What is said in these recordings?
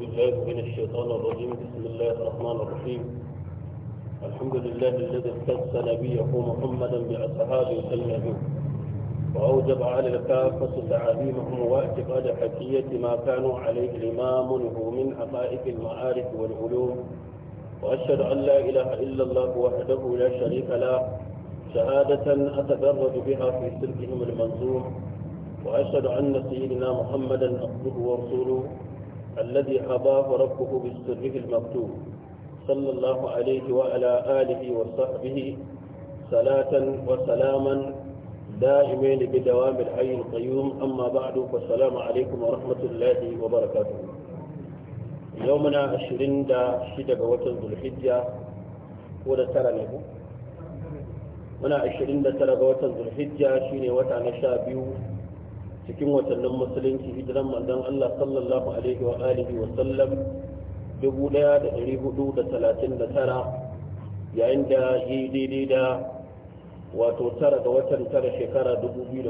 بالله من الشيطان الرجيم بسم الله الرحمن الرحيم الحمد لله الذي اختص نبيه محمدا بأصحابه وسلمه وأوجب على الكافة تعاليمهم واعتقاد حكية ما كانوا عليه هو من حقائق المعارف والعلوم وأشهد أن لا إله إلا الله وحده لا شريك له شهادة أتدرج بها في سلكهم المنظوم وأشهد أن سيدنا محمدا عبده ورسوله الذي أضاه ربه بالسره المكتوب صلى الله عليه وعلى آله وصحبه صلاة وسلاما دائمين بدوام الحي القيوم أما بعد فالسلام عليكم ورحمة الله وبركاته يومنا عشرين دا شدة وتن ذو الحجة ولا ترى نبو muna 29 ga watan zulhijja shine wata na sha biyu cikin watannin musulunci hijiran manzon Allah sallallahu alaihi wa alihi wa sallam 1439 yayin da yi daidai da wato tara ga watan tara shekara 2018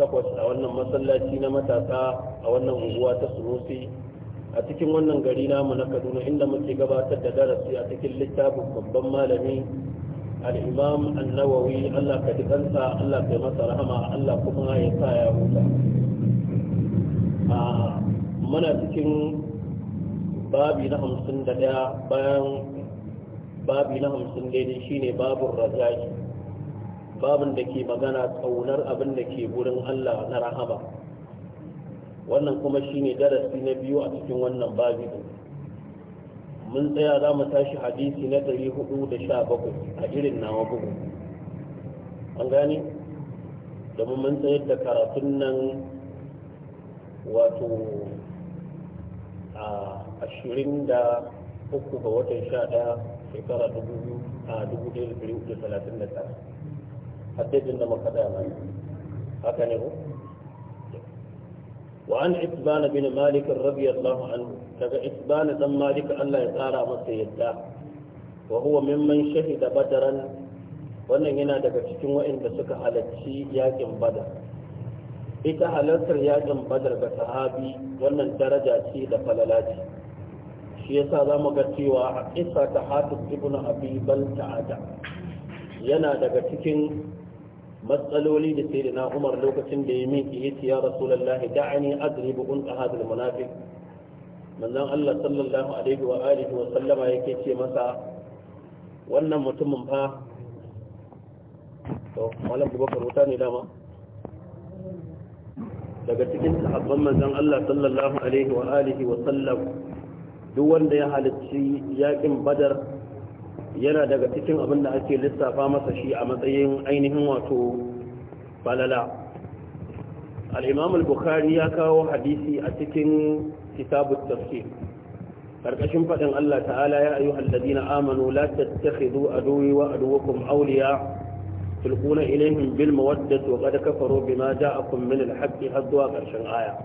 a wannan masallaci na matasa a wannan unguwa ta sunusi a cikin wannan gari namu na kaduna inda muke gabatar da darasi a cikin littafin babban malami al'imam annawawi Allah ka dukansa Allah ka yi masa rahama Allah kuma ya sa ya huta muna cikin babi na hamsin da ɗaya bayan babi na hamsin daidai shine babin rajaji babin da ke magana tsaunar abin da ke wurin Allah na rahama wannan kuma shi ne darasi na biyu a cikin wannan babi din mun tsaya za mu tashi hadisi na 417 a irin nawa bugu an gane da mun tsayar da karatun nan wato a ashirin da uku ga watan sha ɗaya shekara dubu biyu a dubu ɗaya da ɗari uku da talatin da tara haddajin da maka ɗaya mai haka ne ku wa an بن مالك رضي الله عنه daga isbani dan malika Allah ya tsara masa yadda wa huwa mimman shahida badaran wannan yana daga cikin waɗanda suka halarci yakin badar ita halartar yakin badar ga sahabi wannan daraja ce da falala ce shi yasa za mu ga cewa a isa ta hafiz ibn abi balta'ada yana daga cikin matsaloli da sai na umar lokacin da ya miƙi ya ce ya rasulallah da'ani adribu unqa hadal munafiq manzon Allah sallallahu alaihi wa alihi wa sallama yake ce masa wannan mutumin fa to malam Abubakar wuta ne dama daga cikin sahabban manzon Allah sallallahu alaihi wa alihi wa sallam duk wanda ya halicci yakin Badar yana daga cikin abinda da ake lissafa masa shi a matsayin ainihin wato balala al-Imam al-Bukhari ya kawo hadisi a cikin kitabu tafsir karkashin faɗin Allah ta'ala ya ayu alladina amanu la tattakhidhu aduwi wa aduwakum awliya tulquna ilayhim bil mawaddati wa qad kafaru bima ja'akum min al haqqi hadwa karshen aya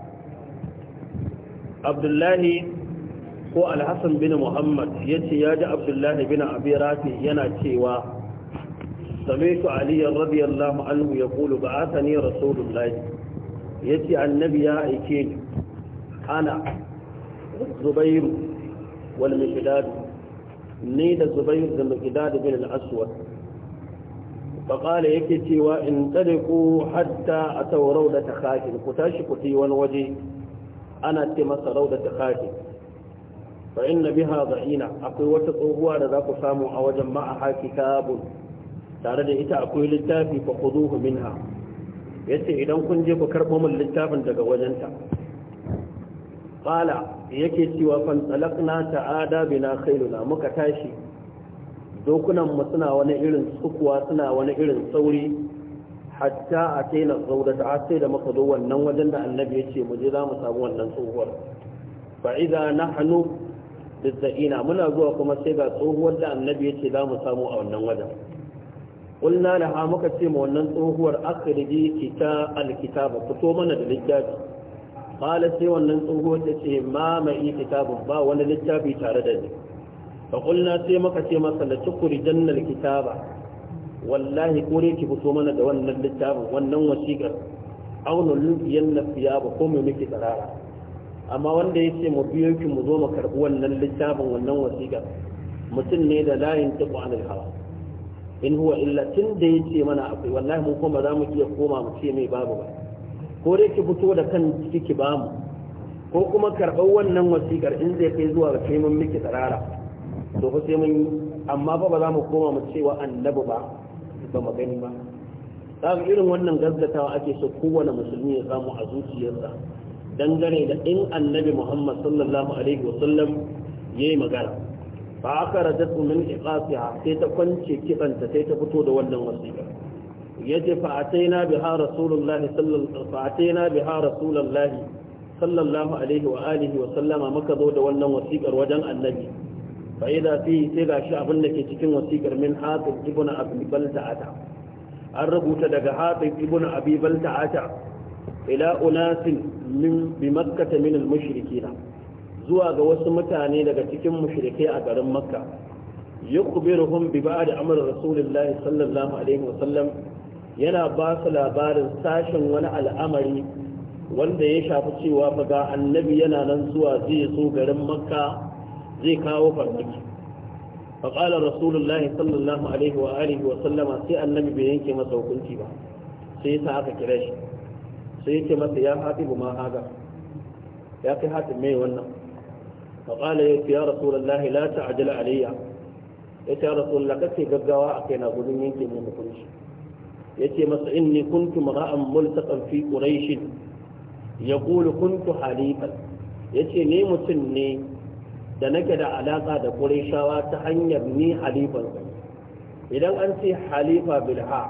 Abdullahi ko al bin Muhammad yace ya ji Abdullahi bin Abi Rafi yana cewa sami'tu Ali radiyallahu anhu yaqulu ba'athani rasulullahi yace annabi ya aike ni kala zubairu wal mikdad ni da zubairu da mikdad bin al-aswad Baƙala qala yake cewa in tadiku hatta ataw rawdat khatin ku tashi ku ti wani waje ana ce masa rawdat khatin fa inna biha dha'ina akwai wata tsohuwa da za ku samu a wajen ma'a hakitabun tare da ita akwai littafi fa khuduhu minha yace idan kun je ku karɓo min littafin daga wajenta kala yake cewa fan talaqna ta'ada bina khairuna muka tashi dokunan mu suna wani irin sukuwa suna wani irin sauri hatta a taina zaura ta sai da muka zo wannan wajen da annabi ya ce muje za mu samu wannan tsohuwar fa idza nahnu bizaina muna zuwa kuma sai ga tsohuwar da annabi ya ce za mu samu a wannan wajen qulna laha muka ce ma wannan tsohuwar akhriji kita alkitaba fito mana da littafi qala sai wannan tsoho ta ce mamaye kitabun ba wani littafi tare da ni fa qulna sai muka ce masa la tukhrijanna alkitaba wallahi kore ki fito mana da wannan littafin wannan wasiƙar aw nulqiyanna ba ko mu miki tsarara amma wanda ya ce mu biyo ki mu zo mu karɓi wannan littafin wannan wasiƙar mutum ne da layin tuku anil hawa in huwa illa tun da ce mana akwai wallahi mu kuma za mu iya koma mu ce mai babu ba ko dai ki fito da kan ki ba mu ko kuma karɓar wannan wasikar in zai kai zuwa ga kai mun miki tsarara to fa sai mun yi amma fa ba za mu koma mu cewa annabi ba ba mu gani ba kaga irin wannan gaggatawa ake so kowane musulmi ya samu a zuciyarsa dangane da in annabi Muhammad sallallahu alaihi wa ya yayi magana fa aka rajatu min iqasiha sai ta kwance kibanta sai ta fito da wannan wasikar. yace fa ataina biha rasulullahi sallallahu fa biha rasulullahi sallallahu alaihi wa alihi wa sallama maka zo da wannan wasiƙar wajen annabi fa idza fi sai gashi abin da ke cikin wasiƙar min hatib ibn abi balta'ata an rubuta daga hatib ibn abi balta'ata ila unasin min bi makkah min al mushrikina zuwa ga wasu mutane daga cikin mushrikai a garin makka يخبرهم ببعض أمر رسول الله sallallahu alaihi wa sallam. yana ba su labarin sashen wani al'amari wanda ya shafi cewa faga annabi yana nan zuwa zai zo garin makka zai kawo farmaki faƙalar rasulullahi sallallahu alaihi wa alihi wa sallama sai annabi bai yanke masa hukunci ba sai ya sa aka kira shi sai ya ce masa ya haɗi bu ma haga ya kai haɗi mai wannan faƙala ya ce ya rasulullahi la ta'ajala alayya ya ce ya rasulullahi kake gaggawa a kai na gudun yanke mai hukunci yace masa inni kuntu mara'an multaqan fi quraish yaqulu kuntu halifan yace ne mutum ne da nake da alaka da qurayshawa ta hanyar ni halifan idan an ce halifa bilha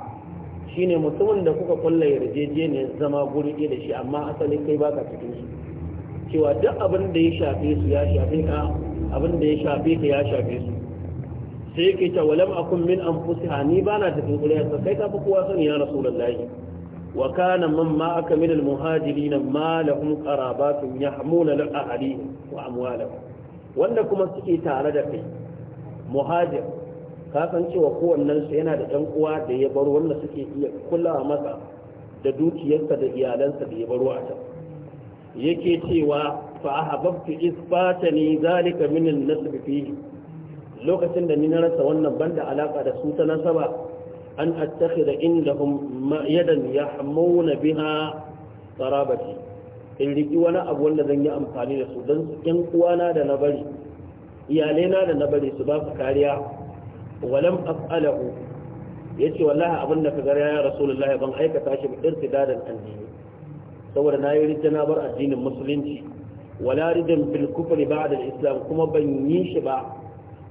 shine mutumin da kuka kulla yarjejeniyar zama guri ɗaya da shi amma asalin kai baka cikin shi cewa duk abin da ya shafe su ya shafe ka abin da ya shafe ka ya shafe su sai yake ta walam akun min anfusiha ni ba na tafin ƙuriya sai kai fi kowa sani ya rasulullahi wa kana man ma aka min al muhajirin ma lahum qarabatun yahmuna lil ahli wa amwalahum wanda kuma suke tare da kai muhajir ka san cewa kowannen su yana da ɗan uwa da ya baro wanda suke iya kula masa da dukiyarsa da iyalansa da ya baro a can yake cewa fa ahbabtu isbatani zalika min an-nasb fihi lokacin da ni na rasa wannan banda alaka da su ta nasaba an attakhidha indahum yadan yahmuna biha qarabati in riƙi wani abu wanda zan yi amfani da su don yan uwana da na bari iyalena da na bari su ba su kariya walam af'alahu ce wallahi abin da ka ga ya rasulullahi ban aikata shi bi irtidadan addini saboda na yi na bar addinin musulunci wala ridan bil kufri ba'da al-islam kuma ban yi shi ba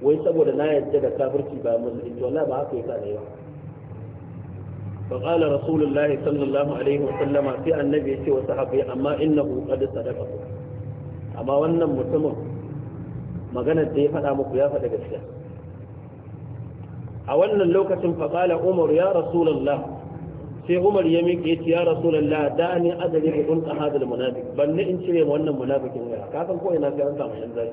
wai saboda na yadda da kafirci ba musulunci wallahi ba haka yasa da yawa فقال رسول الله صلى الله عليه وسلم في النبي يتي وصحابي أما إنه قد صدقه أما wannan mutumin maganar da ya faɗa muku ya faɗa gaskiya a wannan lokacin faƙala umar ya rasulallah sai umar ya miƙe yace ya rasulallah da ni azali bi unqa hadal munafiq ban ni in cire wannan munafikin ga kafin ko ina sai an samu yan zaki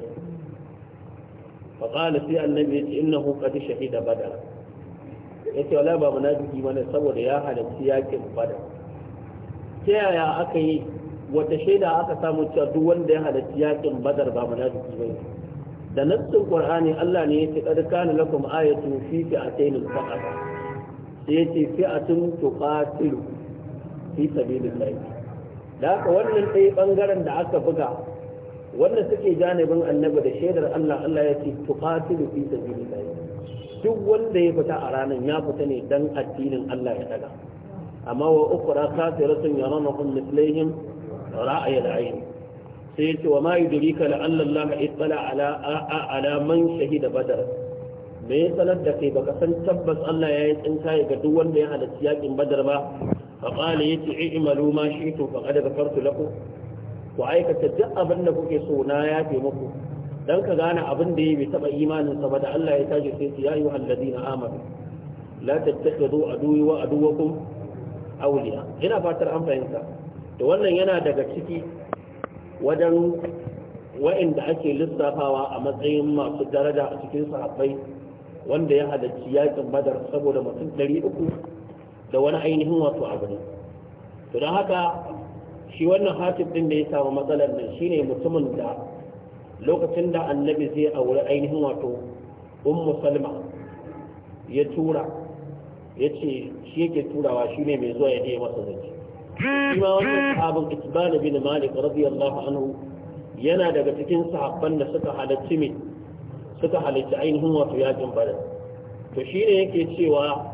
fa qala sai annabi yace innahu qad shahida badar yace wala ba munafiki bane saboda ya halarci yakin badar ta yaya aka yi wata shaida aka samu cewa duk wanda ya halarci yakin badar ba munafiki bane da nassin qur'ani Allah ne yace qad kana lakum ayatu fi fi'atayn al-faqat sai yace fi'atun tuqatilu fi sabilillah da haka wannan ɗaya ɓangaren da aka buga wanda suke janibin annabi da shaidar Allah Allah ya ce tuqatilu fi sabilillah duk wanda ya fita a ranar ya fita ne dan addinin Allah ya daga amma wa ukhra kafiratun yaranahum mithlihim ra'ay al-ayn sai yace wa ma yudrika la alla Allah ittala ala ala man shahida badar me ya sanar da kai baka san tabbas Allah ya yi tsinka ga duk wanda ya halarci yakin badar ba fa qala yace i'malu ma shi'tu faqad ghafartu lakum ku aikata duk abin da kuke so na ya fi don ka gane abin da ya bai taba imanin ba da Allah ya tashi sai ya yi alladina amanu la tattakhidhu aduwi wa aduwakum awliya ina fatar an fahimta da wannan yana daga ciki wajen wa'inda ake lissafawa a matsayin masu daraja a cikin sahabbai wanda ya halarci yakin badar saboda mutum ɗari uku da wani ainihin wato abu ne to don haka shi wannan hatib din da ya samu matsalar nan shine mutumin da lokacin da annabi zai auri ainihin wato ummu salma ya tura ya ce shi yake turawa shi ne mai zuwa ya je masa zance shi ma wannan sahabin itbana bin malik radiyallahu anhu yana daga cikin sahabban da suka halarci mai suka halarci ainihin wato yakin badar to shi ne yake cewa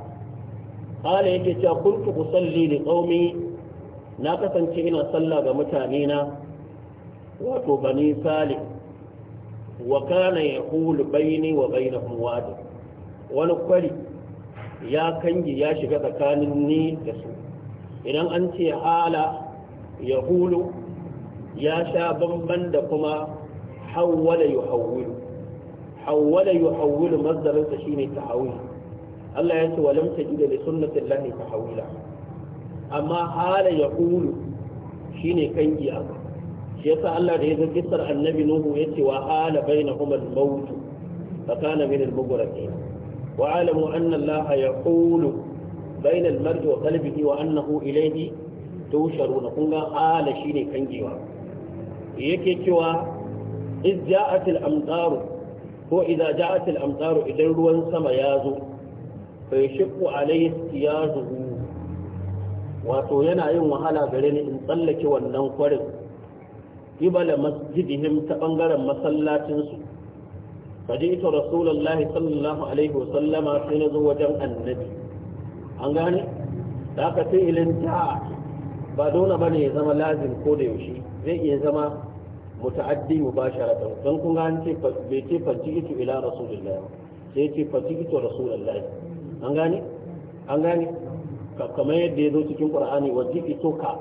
qala yake cewa kuntu usalli li qaumi na kasance ina sallah ga mutane na wato bani salim wa kana yahulu baini wa bainahum wadi wani kwari ya kangi ya shiga tsakanin ni da su idan an ce hala yahulu ya sha bamban da kuma hawwala yuhawwilu hawwala yuhawwilu mazdarinsa shine tahawil Allah ya ce walam tajida li sunnati llahi tahawila amma hala ya ƙulu shi ne kan iyaka shi sa Allah da ya zo gisar annabi Nuhu ya ce wa hala bai na kuma mautu tsakanin minin mugurake wa alamu anna Allah ya ƙulu bai na marji wa kalbihi wa annahu ilaihi tusharu na kun ga hala shi ne kan giwa yake cewa iz ja'atil amtaru ko idza ja'atil amtaru idan ruwan sama ya zo fa yashqu alayhi tiyazuhu wato yana yin wahala gare ni in tsallake wannan kwarin qibala masjidihim ta bangaren masallacin su ita rasulullahi sallallahu alaihi wa sallama sai na zo wajen annabi an gane da aka ilin ta ba dole bane ya zama lazim ko da yaushe zai iya zama muta'addi mubasharatan don kun ga an ce bai ce fajitu ila rasulillahi sai ce fajitu rasulullahi an gane an gane kamar yadda ya zo cikin kur'ani wa ji'tuka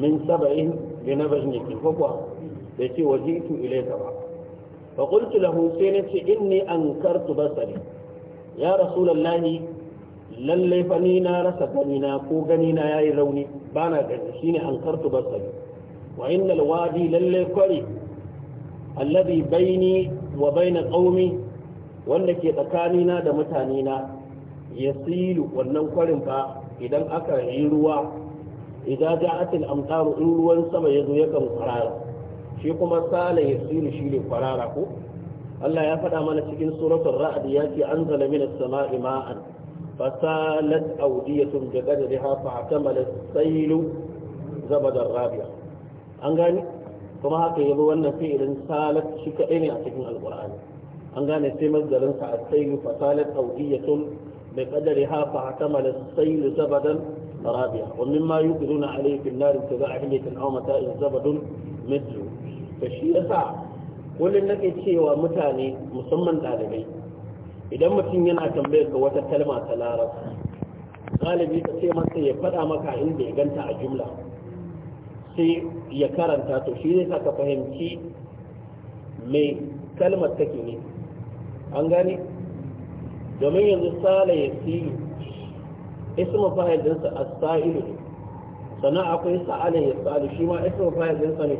min sab'in bi nab'in yakin ko kuwa da ce wa ji'tu ilayka ba fa qultu lahu sai nace inni ankartu basari ya rasulullahi lalle fa ni na rasa gani na ko gani na yayi rauni bana gani shine ankartu basari wa innal wadi lalle kwari alladhi baini wa baina qaumi wanda ke tsakanina da mutanena yasilu wannan kwarin ba. idan aka yi ruwa idan ja'atil amtaru in ruwan sama ya zo yakan kwarara shi kuma sala yasiru shi ne kwarara ko Allah ya faɗa mana cikin suratul ra'd ya ce anzala minas sama'i ma'an fasalat awdiyatun bi qadriha fa atamala saylu zabadar Rabi'a. an gani kuma haka yabo wannan fi'ilin salat shi kadai ne a cikin alqur'ani an gane sai mazdarin sa as-saylu fasalat awdiyatun بقدرها فاحتمل السيل زبدا رابعا ومما يقدرون عليه في النار ابتداء حلية أو متاء زبد مثله فشي يسع kullum nake cewa mutane musamman ɗalibai idan mutum yana tambayar ka wata kalma ta laras galibi ka ce masa ya faɗa maka inda ya ganta a jumla sai ya karanta to shi zai ka fahimci mai kalmar take ne an gane domin yanzu sala ya fi ismu fa'il dinsa as-sa'ilu sannan akwai sa'ala ya salu shi ma ismu fa'il ne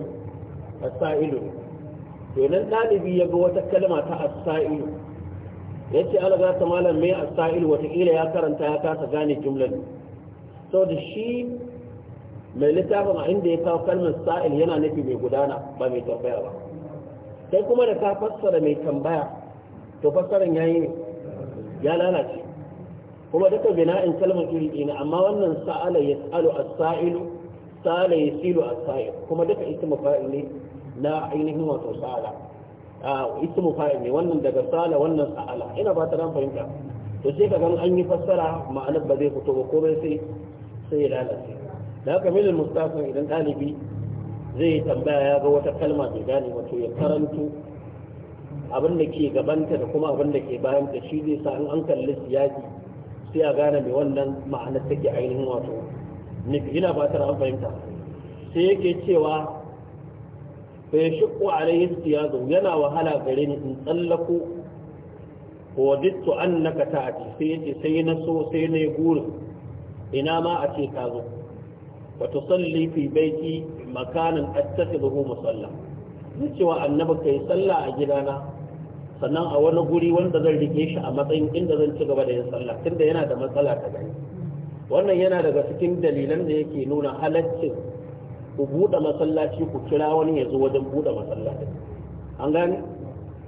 as-sa'ilu to ɗalibi ya ga wata kalma ta as-sa'ilu yace alaga ta malam mai as-sa'ilu watakila ya karanta ya kasa gane sau da shi mai littafin a inda ya kawo kalmar sa'il yana nufi mai gudana ba mai tambaya ba sai kuma da ta fassara mai tambaya to ya yayi ne ya lalace kuma duka bina'in kalmar iri ɗina amma wannan sa'ala ya tsalo a sa'ilu sa'ala ya silu a sa'il kuma duka ismu fa'il ne na ainihin wato sa'ala a ah, ismu fa'il ne wannan daga sa'ala wannan sa'ala ina ba ta ran fahimta to sai ka gan an yi fassara ma'anar ba zai fito ba komai sai sai ya lalace da haka milin mustafin idan ɗalibi zai tambaya ya ga wata kalma bai gane wato ya karanto abin da ke gabanta da kuma abin da ke bayanta shi zai sa in an kalli siyasi sai a gane mai wannan ma'anar take ainihin wato nufi ina fatar an fahimta sai yake cewa bai shiƙo a rai yana wahala gare ni in tsallako wa an naka ta sai yace sai na so sai na ina ma a ce ka zo wata salli fi baiki makanin attakhidhu musalla cewa annabi kai sallah a gidana sannan a wani guri wanda zan rike shi a matsayin inda zan ci gaba da yin sallah tunda yana da matsala ta gani wannan yana daga cikin dalilan da yake nuna halaccin ku buɗe masallaci ku kira wani ya zo wajen buɗe masallaci an gane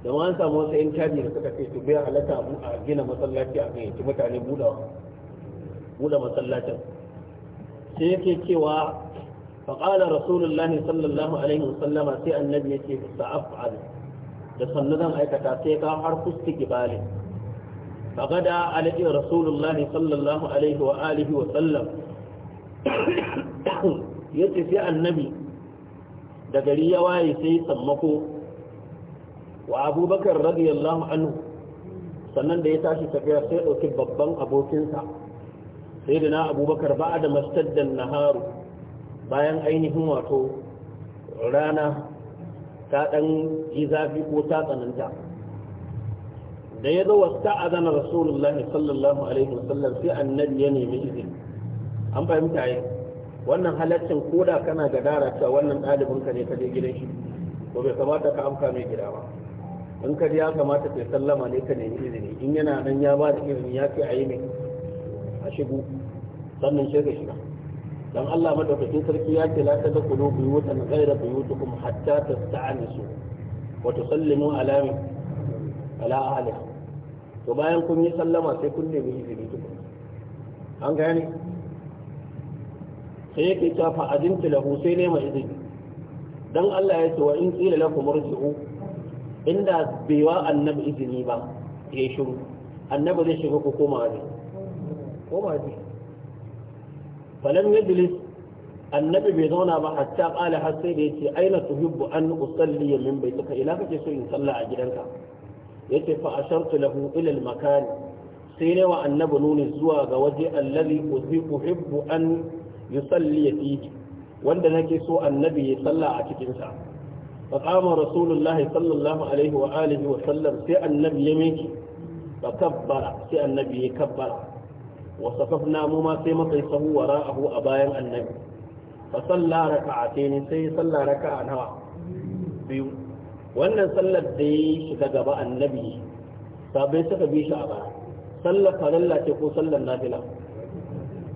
da ma an samu wasu yan caji da suka ce su biya halatta a gina masallaci a gayyaci mutane buɗe masallacin sai yake cewa faƙalar rasulullahi sallallahu alaihi wasallama sai annabi yake sa'af alaihi da sannu zan aikata sai ka har fusti kibali fagada alaji rasulullahi sallallahu alaihi wa alihi wa sallam ya ce sai annabi da gari ya waye sai sammako wa abubakar radiyallahu anhu sannan da ya tashi tafiya sai ɗauki babban abokinsa sai da na abubakar ba da mastaddan naharu bayan ainihin wato rana ta ɗan yi zafi ko ta tsananta da ya zo wasta azana rasulullahi sallallahu alaihi wasallam sai annabi ya nemi izini an fahimta yi wannan halaccin koda kana gadara cewa wannan ɗalibin ka ne ka je gidan shi to bai kamata ka amka mai gida ba in ka ya kamata ka sallama ne ka nemi izini in yana nan ya ba da izini ya ce a yi ne a shigo sannan sai ka shiga dan Allah madaukakin sarki ya ce la ta dakulu buyutan ghayra buyutikum hatta tasta'anisu wa tusallimu ala ala ahliha to bayan kun yi sallama sai kun nemi izini tukun an gane sai yake ta fa adinta lahu sai nema izini dan Allah ya ce wa in qila lakum irji'u inda bai wa annabi izini ba ya shiru annabi zai shiga ku koma ne koma ne falam yajlis annabi bai zauna ba hatta kala har sai da yace aina tuhibbu an usalli min suka ila kake so in salla a gidanka yace fa ashartu lahu ila al sai ne wa annabi nuni zuwa ga waje allazi uhibbu an yusalli fihi wanda nake so annabi ya salla a cikin sa fa qama rasulullahi sallallahu alaihi wa alihi wa sallam sai annabi ya miki fa kabbara sai annabi ya kabbara وصففنا مما سيما قيصه وراءه أبايا النبي فصلى ركعتين سي صلى ركعة نوع بيو وأن صلى الديش كجباء النبي سابيس كبيش أبا صلى فللا تقو صلى النافلة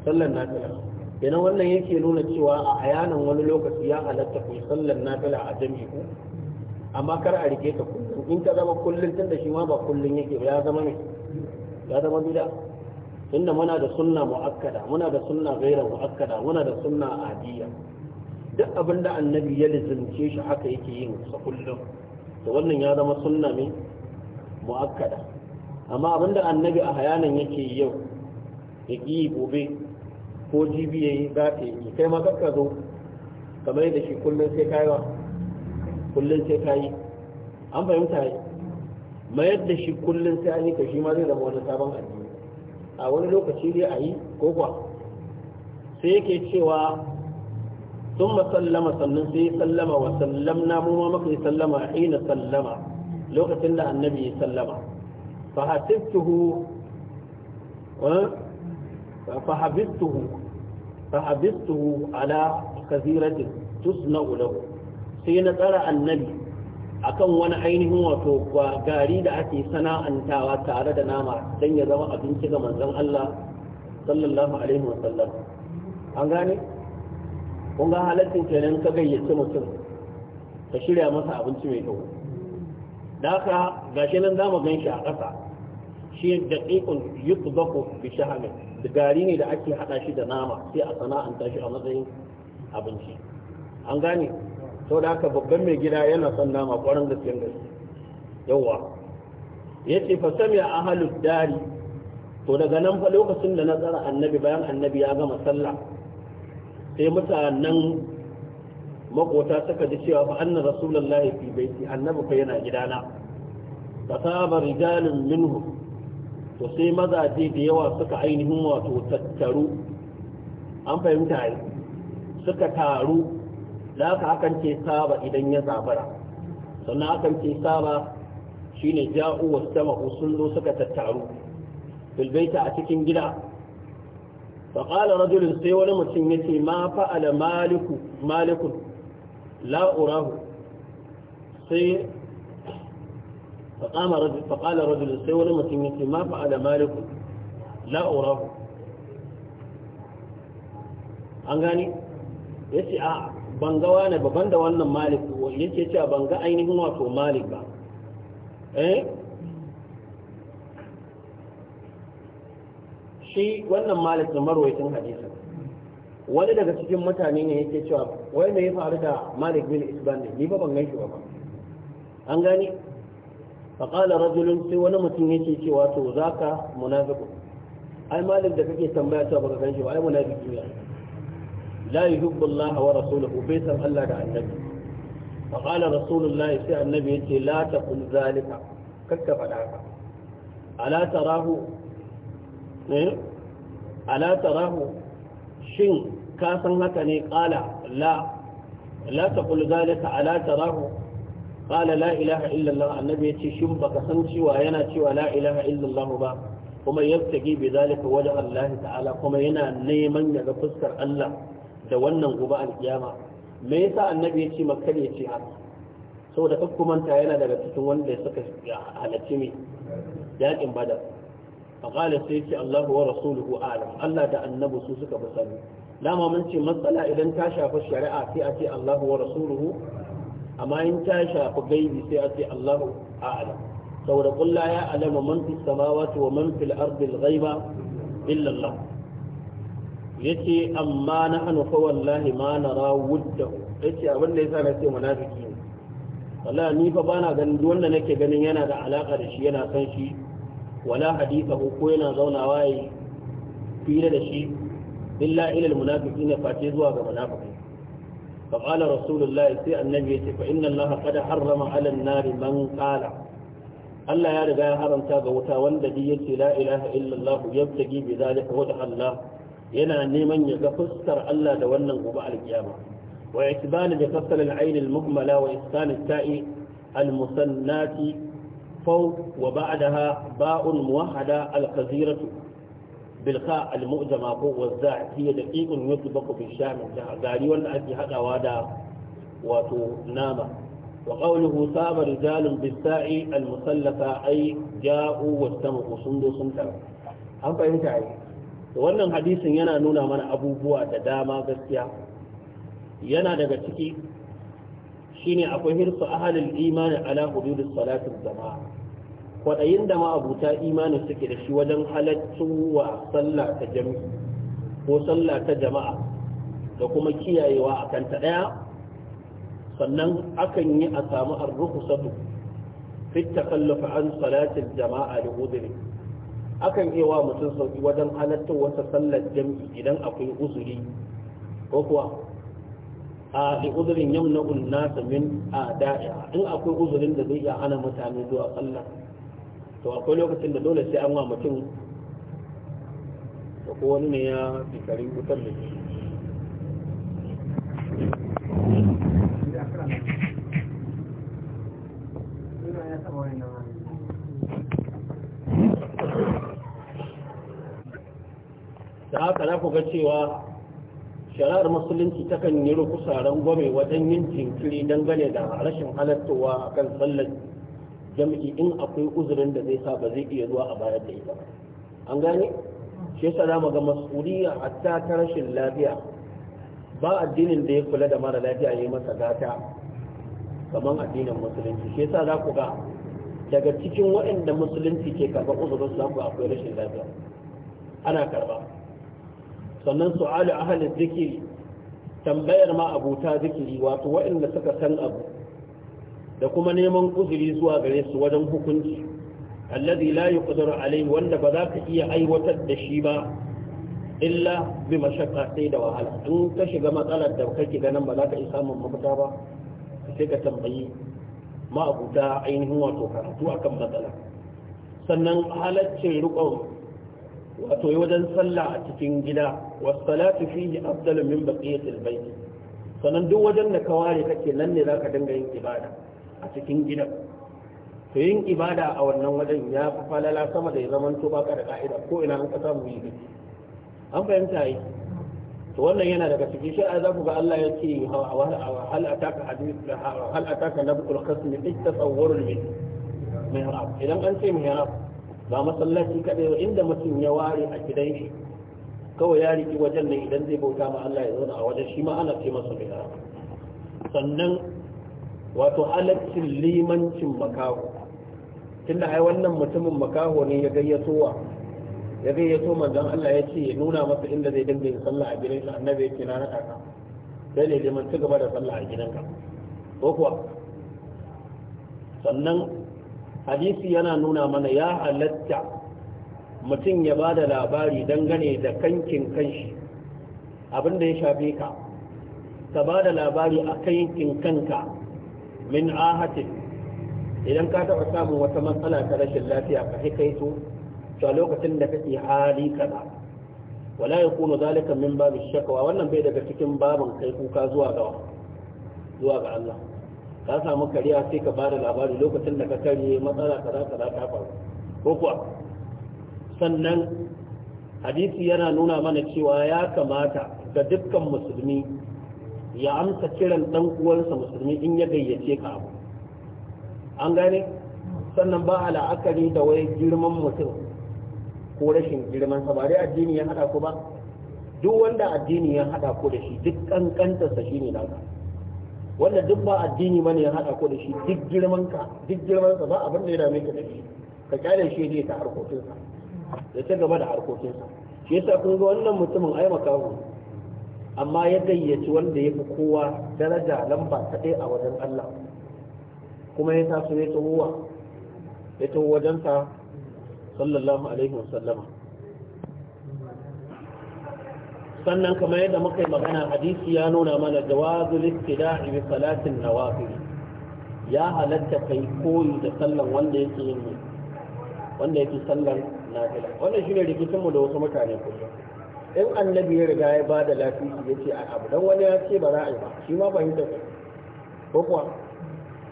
صلى النافلة ina wannan yake nuna cewa a ayanan wani lokaci ya halatta ku sallan nafila a jami'u? amma kar a rike ka kullum in ka zama kullum tunda shi ma ba kullum yake ya zama ne ya zama bid'a tunda muna da sunna mu'akkada muna da sunna ghaira mu'akkada muna da sunna adiya duk abin da annabi ya lizince shi haka yake yin sa kullum to wannan ya zama sunna ne mu'akkada amma abin da annabi a hayanan yake yau ya ƙi gobe ko jibi ya yi za ta yi kai ma kakka zo kamar da shi kullum sai kayi wa kullum sai kayi an fahimta yi mayar da shi kullum sai an yi ka shi ma zai zama wani sabon addini a wani lokaci dai a yi ko kuwa sai yake cewa sun sallama sannan sai ya sallama wa sallamna mu ma muka yi sallama a ina sallama lokacin da annabi ya sallama fa hasibtuhu eh? fa habistuhu fa habistuhu ala kaziratin tusna'u lahu sai na tsara annabi akan wani ainihin wato gari da ake sana'antawa tare da nama don ya zama abinci ga manzon Allah sallallahu alaihi wasallam an gane kun ga kenan ka gayyace mutum ka shirya masa abinci mai kyau da aka gashi nan za mu gan shi a ƙasa shi da ƙiƙun yutubako fi shahamin da gari ne da ake haɗa shi da nama sai a sana'anta shi a matsayin abinci an gane sau da haka babban mai gida yana son nama ƙwarin gaskiyar gaske yawa ya ce fa sami a dari to daga nan fa lokacin da na tsara annabi bayan annabi ya gama sallah sai mutanen makota suka ji cewa fa anna rasulullahi fi baiti annabi fa yana gidana fa saba rijalun minhu to sai mazaje da yawa suka ainihin wato tattaru an fahimta suka taru da haka akan ce saba idan ya zabara sannan hakan ce saba shine ja'u wastama'u sun zo suka tattaru bilbaita a cikin gida fa qala rajulun sai wani mutum yace ma fa'ala maliku malikun la urahu sai fa qama rajul fa qala rajulun sai wani mutum yace ma fa'ala malikun la urahu an gani yace a ban ga wani baban da wannan malik yake cewa ban ga ainihin wato malik ba eh shi wannan malik da marwaitin hadisa wani daga cikin mutane ne yake cewa wai mai ya faru da malik bin isban ne ni ba ban ganshi ba an gani fa qala rajulun sai wani mutum yake cewa to zaka munafiku ai malik da kake tambaya cewa baka ganshi ba ai munafiki ne la yuhibbu Allah wa rasuluhu bai san Allah da annabi fa qala rasulullahi sai annabi yace la taqul zalika kakka faɗa haka ala tarahu shin ka san haka ne qala la la taqul zalika ala la ilaha illa Allah annabi yace shin baka san cewa yana cewa la ilaha illa ba kuma yabtagi bi zalika wajen Allah ta'ala kuma yana neman ya ga fuskar Allah da wannan gobe alkiyama me yasa annabi ya ce makar ya ce haka saboda kakkumanta yana daga cikin wanda suka halarci mai yakin badar faƙala sai ce Allahu wa rasuluhu alam Allah da annabi su suka fi sani dama mun ce matsala idan ta shafi shari'a sai a ce Allahu wa rasuluhu amma in ta shafi gaibi sai a ce Allahu a'lam saboda kullu ya alama man fis samawati wa man fil ardi al-ghaiba illa Allah yace amma na hannu wallahi ma na wudda yace abin da yasa na ce munafiki ne wallahi ni fa bana ganin duk wanda nake ganin yana da alaka da shi yana san shi wala hadisa ko yana zaunawa waye. fira da shi illa ila almunafiqina face zuwa ga munafiki fa qala rasulullahi sai annabi yace fa inna allaha qad harrama ala an-nar man qala Allah ya riga ya haramta ga wuta wanda duk yace la ilaha illallah yabtagi bi zalika wajha Allah yana neman ya ga fuskar Allah da wannan gobe alkiyama wa itibana bi fasal al-ayn al-mujmala wa iskan al-ta'i al-musannati faw wa ba'daha ba'un muwahhada al-qaziratu bil kha al-mu'jama ko wazda'ti daqiqun yutbaqu fi sham gari wanda ake hadawa da wato nama وقوله ساب رجال بالساعي المسلفة أي جاءوا واستمقوا صندو صندو an فإنت عيد wannan hadisin yana nuna mana abubuwa da dama gaskiya yana daga ciki shine akwai hirsu ahalin imani ala hududus salatin jama'a kwaɗayin da ma'abuta imani suke da shi wajen wa sallah ta jami'i ko sallah ta jama'a da kuma kiyayewa a kanta ɗaya sannan akan yi a samu arruku sadu fit takallafa an salatin jama'a da hudurin akan iya wa mutum sauki wajen halatta wata sallar jam'i idan akwai uzuri ko kuwa a da uzurin yau unna ta min a da'iha in akwai uzurin da zai iya hana mutane zuwa sallar to akwai lokacin da dole sai an wa mutum da ko wani ne ya fikari wutar da shi da haka na ku ga cewa shari'ar musulunci ta kan yi rukusaren gwame wajen yin jinkiri dangane da rashin halattowa a kan sallar jam'i in akwai uzurin da zai sa ba zai iya zuwa a bayar da ita an gane shi yasa za mu ga mas'uliyya hatta ta rashin lafiya ba addinin da ya kula da mara lafiya ya masa gata kamar addinin musulunci shi yasa za ku ga daga cikin waɗanda musulunci ke karɓar uzurin su akwai rashin lafiya ana karɓa sannan su'alu ahalin zikiri tambayar ma abota zikiri wato waɗanda suka san abu da kuma neman uzuri zuwa gare su wajen hukunci alladhi la yuqdaru alai wanda ba za ka iya aiwatar da shi ba illa bi mashaqqa sai da wahala in ka shiga matsalar da kake ganin ba za ka iya samun mafita ba sai ka tambayi ma abuta ainihin wato karatu akan matsala sannan halaccin riƙon wato wajen sallah a cikin gida wasalatu fihi afdalu min ya bayt sanan duk wajen da ka ware kake nan ne zaka dinga yin ibada a cikin gida to yin ibada a wannan wajen ya fi falala sama da ya zaman to baka da ka'ida ko ina an ka samu yi an fahimta yi to wannan yana daga cikin shi'a za ku ga Allah ya ce hal ataka hadith hal ataka nabul khasmi tasawwarul min mihrab idan an ce mihrab ba masallaci kaɗai ba inda mutum ya ware a gidan shi kawai ya riki wajen nan idan zai bauta ma Allah ya zauna a wajen shi ma ana ce masa bid'a sannan wato halaccin limancin makaho tunda ai wannan mutumin makaho ne ya gayyato wa ya gayyato manzon Allah ya ce ya nuna masa inda zai dinga yin sallah a gidan shi annabi ya ce na raka ka dai ne liman ci gaba da sallah a gidan ka ko kuwa sannan hadisi yana nuna mana ya halatta mutum ya ba da labari dangane da kankin kanshi abinda ya shafe ka ka ba da labari a kankin kanka min ahatin idan ka taɓa samun wata matsala ta rashin lafiya ka haikaito a lokacin da kake hali kaza wala ya kuno zalika min babu shakawa wannan bai daga cikin babin kai kuka zuwa ga Allah ka samu kariya sai ka bada labari lokacin da ka karye matsala kaza kaza ta faru ko kuwa sannan hadisi yana nuna mana cewa ya kamata ga dukkan musulmi ya amsa kiran dan uwansa musulmi in ya gayyace ka abu an gane sannan ba a la'akari da wai girman mutum ko rashin girman sa ba dai addini ya hada ku ba duk wanda addini ya hada ku da shi duk kankantarsa shine naka wanda duk ba addini bane ya hada ko da shi duk girman ka duk girman sa ba abin da ya dame ka da shi ka kyale shi ne ta harkokin sa ya ta gaba da harkokin sa shi yasa kun ga wannan mutumin ai makahu amma ya gayyaci wanda ya fi kowa daraja lamba ta ɗaya a wajen Allah kuma ya taso ya tawowa ya tawo wajensa sallallahu alaihi wasallama sannan kamar yadda muka yi magana hadisi ya nuna mana jawazul istida'i bi salatin nawafil ya halatta kai koyi da sallan wanda yake yin wanda yake sallan nafila wannan shi ne rikicinmu da wasu mutane kullum in annabi ya riga ya ba da lafiya ya ce a abu don wani ya ce ba za a yi ba shi ma fahimta ko kuwa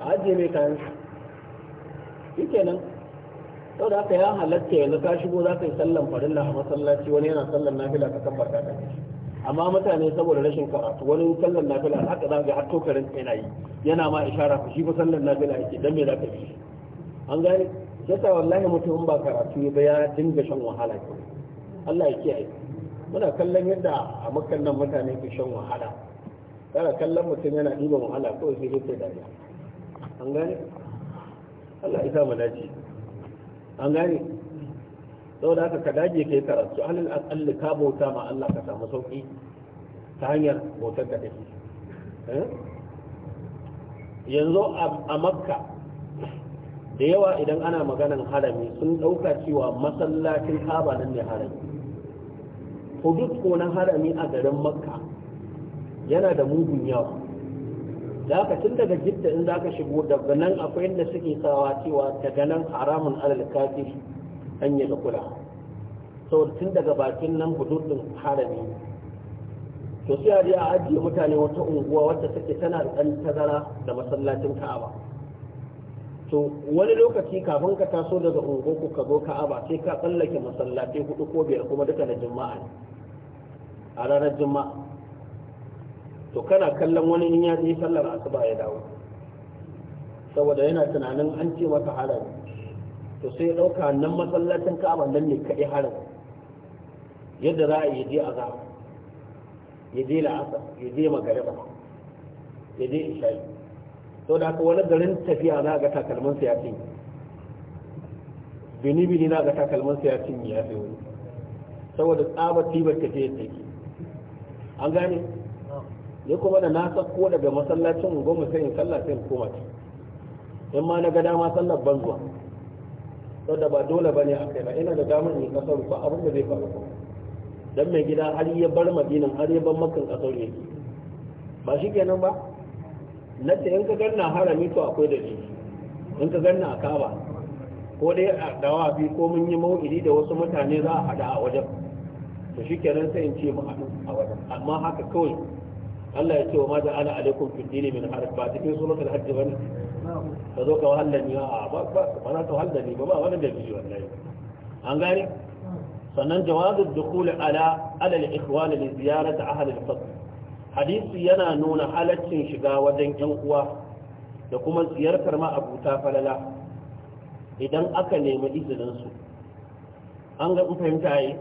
a ajiye mai kayan shi kenan sau da aka ya halatta yanzu ka shigo za ka yi sallan farilla a masallaci wani yana sallan nafila ka tabbata da amma mutane saboda rashin karatu wani sallan nafila haka za ga har tokarin yana yi yana ma ishara ku shi fa sallan nafila yake dan me za ka yi an gane yasa wallahi mutum ba karatu ba ya dinga shan wahala ke Allah ya kiyaye muna kallon yadda a makkan nan mutane ke shan wahala kana kallon mutum yana ɗiban wahala ko sai sai dariya an gane Allah ya sa mu dace an gane saboda haka ka dage kai karatu alal aqalli ka bauta ma Allah ka samu sauki ta hanyar bautar da kake eh? yanzu a makka da yawa idan ana maganan harami sun dauka cewa masallacin kaba nan ne harami hudud ko na harami a garin makka yana da mugun yawa da ka tun daga jidda in zaka shigo daga nan akwai inda suke sawa cewa daga nan haramun alal kafir an yi kula sau tun daga bakin nan hududin harami to sai a a ajiye mutane wata unguwa wadda take tana da ɗan tazara da masallacin ka'aba to wani lokaci kafin ka taso daga unguwarku ka zo ka'aba sai ka tsallake masallaci hudu ko biyar kuma duka na juma'a a ranar juma'a to kana kallon wani in ya je sallar asuba ya dawo saboda yana tunanin an ce masa haram to sai ɗauka nan masallacin ka'aba nan ne kaɗai haram yadda za a yi je a zama ya je la'asar ya je magariba ya je isha'i to da haka wani garin tafiya za ga takalmansa ya cinye bini-bini na ga takalmansa ya cinye ya fi wani saboda tsaba tibar tafiya take an gane ne kuma da na sako daga masallacin goma sai in sallah sai in koma ci in ma na ga dama sallar ban zuwa saboda ba dole bane a kai ba ina da damar in kasar ba abin da zai faru ba dan mai gida har ya bar madinan har ya bar makan kasa ne ba shi kenan ba na ce in ka ganna harami to akwai da shi. in ka ganna a kaba ko dai a dawafi ko mun yi mau'idi da wasu mutane za a hada a wajen to shi sai in ce mu a wajen amma haka kawai Allah ya ce wa ma da ana alaikum fi dini min harf ba cikin suratul hajj bane ka zo ka wahala ni a ba ba ba na ta wahala ni ba ba wani dalili wallahi an gani sannan jawazul dukhul ala ala al-ikhwan li ziyarat ahli al-fadl hadisi yana nuna halaccin shiga wajen yan uwa da kuma ziyartar ma abuta falala idan aka nemi izinin su an ga fahimta yi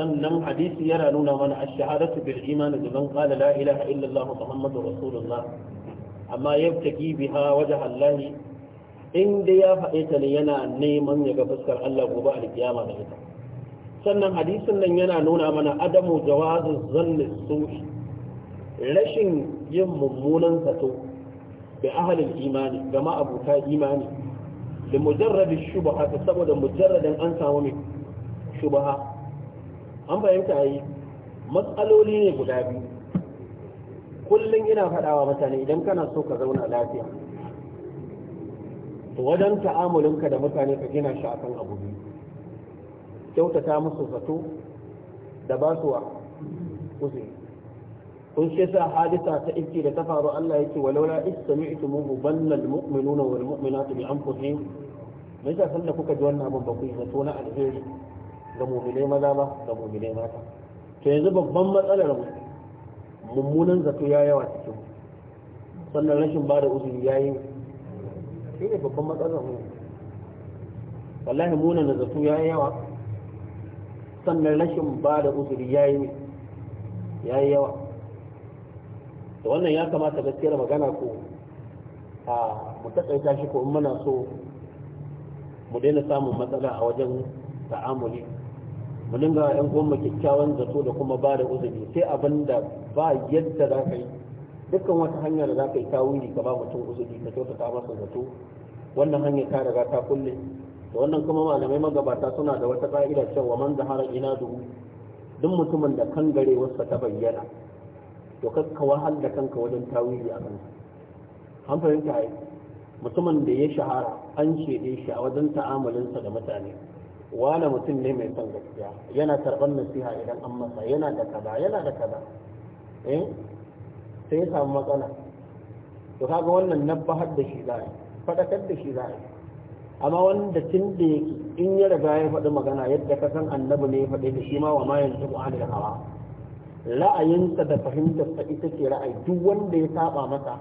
sannan hadisi yana nuna mana ash-shahadatu bil imani da man qala la ilaha illa Allah muhammadur rasulullah amma yabtaki biha waje Allah in da ya faɗe ne yana neman ya ga fuskar Allah gobe alkiyama da ita sannan hadisin nan yana nuna mana adamu jawazu zanni su'i rashin yin mummunan sato bi ahlil imani ga ma'abuta imani da mujarrad shubha saboda mujarradan an samu mai shubha an bayanta yi matsaloli ne guda biyu kullum ina faɗawa mutane idan kana so ka zauna lafiya to wajen ta'amulinka da mutane ka gina shi akan abu biyu kyautata musu zato da ba su wa uzuri kun shi sa hadisa ta ifki da ta faru Allah yake walaula istami'tumuhu bannal mu'minuna wal mu'minatu bi anfusihim me yasa san da kuka ji wannan abin ba ku yi zato na alheri ga mummune maza ba ga mummune mata to yanzu babban matsalar mu mummunan zato ya yawa cikin sannan rashin ba da uzuri ya yi shi ne babban matsalar mu wallahi munan da zato ya yawa sannan rashin ba da uzuri ya yi ya yi yawa da wannan ya kamata gaskiyar magana ko a mu taƙaita shi ko in muna so mu daina samun matsala a wajen ta'amuli mu dinga ɗan goma kyakkyawan zato da kuma ba da uzuri sai abin da ba yadda za ka yi dukkan wata hanya da za ka yi ta wuri ka ba mutum uzuri ka kyautata masa zato wannan hanyar ta riga ta kulle da wannan kuma malamai magabata suna da wata ƙa'ida cewa man zahara ina duhu duk mutumin da kan gare wasa ta bayyana to kakka wahal da kanka wajen ta wuri a kansa an fahimta ai mutumin da ya shahara an shede shi a wajen ta'amalinsa da mutane wane mutum ne mai son gaskiya yana karɓar nasiha idan an masa yana da kaza yana da kaza eh sai ya samu matsala to kaga wannan nabbahar da shi za a yi faɗakar da shi za a yi amma wanda tun da yake in ya riga ya faɗi magana yadda ka san annabi ne ya faɗi da shi ma wa ma yanzu ku da hawa ra'ayinsa da fahimtarsa ita ce ra'ayi duk wanda ya saba masa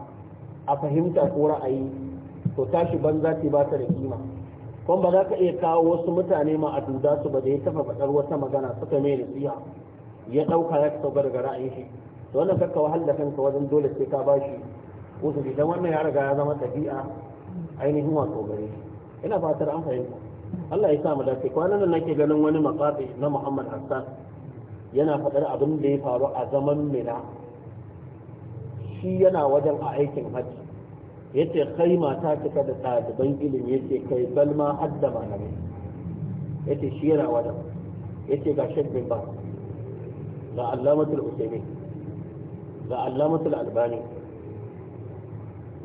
a fahimta ko ra'ayi to tashi banza ce ba ta da kima kuma ba za ka iya kawo wasu mutane ma a duda su ba da ya tafa faɗar wata magana suka mai nasiha ya ɗauka ya sauka daga ra'ayin shi to wannan kakka wahal kanka wajen dole sai ka bashi usuli dan wannan ya riga ya zama tafiya ainihin wato gare shi ina fatar an fahimta Allah ya sa mu dace kwanan nan nake ganin wani maqabi na Muhammad Hassan yana faɗar abin da ya faru a zaman Mina shi yana wajen a aikin hajji yace kai mata cika da ɗaliban ilimi yace kai balma hadda malamai yace shi yana wada yace ga shaddin ba ga allamatul usaimi ga allamatul albani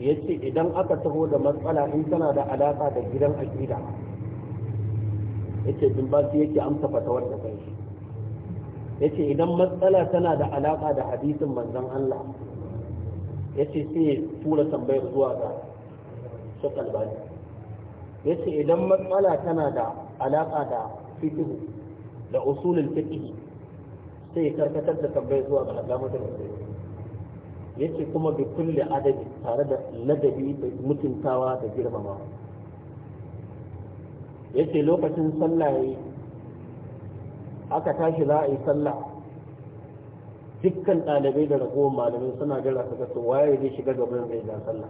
yace idan aka taho da matsala in tana da alaƙa da gidan aqida yace bin ba su yake amsa fatawar da kai yace idan matsala tana da alaƙa da hadisin manzon Allah yace sai ya tura tambayar zuwa ga shek albani yace idan matsala tana da alaƙa da fikihu da usulul fitiki sai ya karkatar da tambayar zuwa ga alamatar da ya yace kuma bi kulle adabi tare da ladabi da mutuntawa da girmama yace lokacin sallah aka tashi za a yi sallah dukkan ɗalibai da ragowar malamai suna jira su ga waye zai shiga gaban zai ja sallah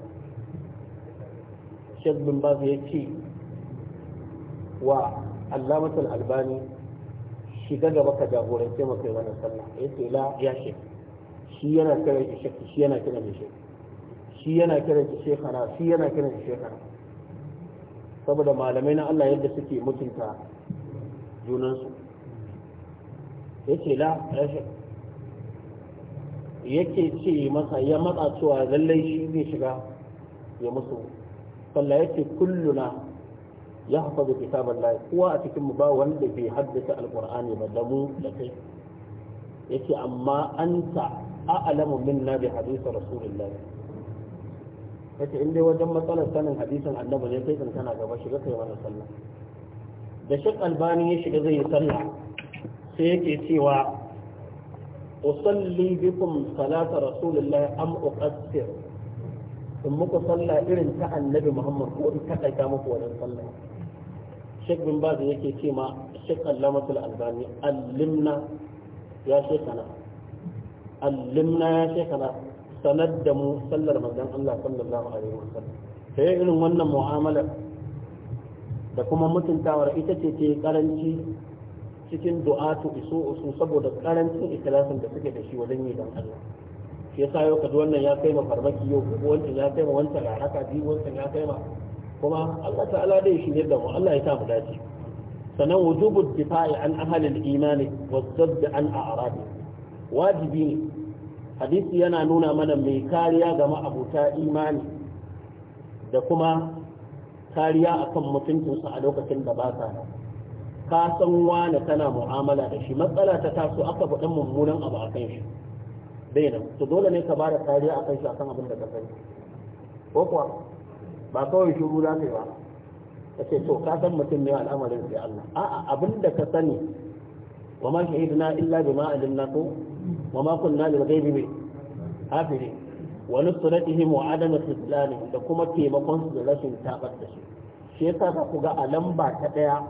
shek bin baz ya ce wa allamatul albani shiga gaba ka jagorance mu kai wannan sallah ya ce la ya shek shi yana kiran shi shek shi yana kiran shi shek shi yana kiran shi shekara shi yana kiran shi shekara saboda malamai na Allah yadda suke mutunta junansu ya ce la ya rashin yake ce masa ya matsa cewa lallai shi zai shiga ya musu sallah yake kulluna ya da kitabar lahi kowa a cikin ba wanda bai haddasa alkur'ani ba da mu da kai yake amma anta a'lamu minna bi hadisi rasulillah yace in dai wajen matsalar sanin hadisin annabi ne kai tana gaba shiga kai wannan sallah da shek albani ya shiga zai yi sallah sai yake cewa usalli bikum salata rasulullahi am uqassir in muku sallah irin ta annabi muhammad ko in ta kaita muku sallah shek bin baz yake ce ma shek allamatul albani allimna ya shekana allimna ya shekana sanar da mu sallar manzon Allah sallallahu alaihi wasallam sai irin wannan mu'amala da kuma mutuntawar ita ce ce karanci cikin to iso su saboda karancin ikhlasin da suke da shi wajen yi dan Allah shi yasa yau kaji wannan ya kai ma farmaki yau ko wancan ya kai ma wancan haka bi wancan ya kai ma kuma Allah ta'ala dai shi da mu Allah ya ta mu dace sanan wujubu difa'i an ahli al-iman wa zadd an a'rad wajibi ne hadisi yana nuna mana mai kariya ga ma'abuta imani da kuma kariya akan mutuncinsa a lokacin da ba sa nan ka san wani tana mu'amala da shi matsala ta taso aka faɗin mummunan abu a kan shi bai nan to dole ne ka bada kariya a kan shi akan abin da ka sani ko kuwa ba kawai shuru za ka yi ba ka ce to ka san mutum ne al'amarin sai Allah a'a abin da ka sani wa ma shahidna illa bima alimna ko wa ma kunna lil ghaibi bi hafiri wa nusratihim wa adama islamihim da kuma taimakon su da rashin tabar da shi yasa ka ku ga a lamba ta daya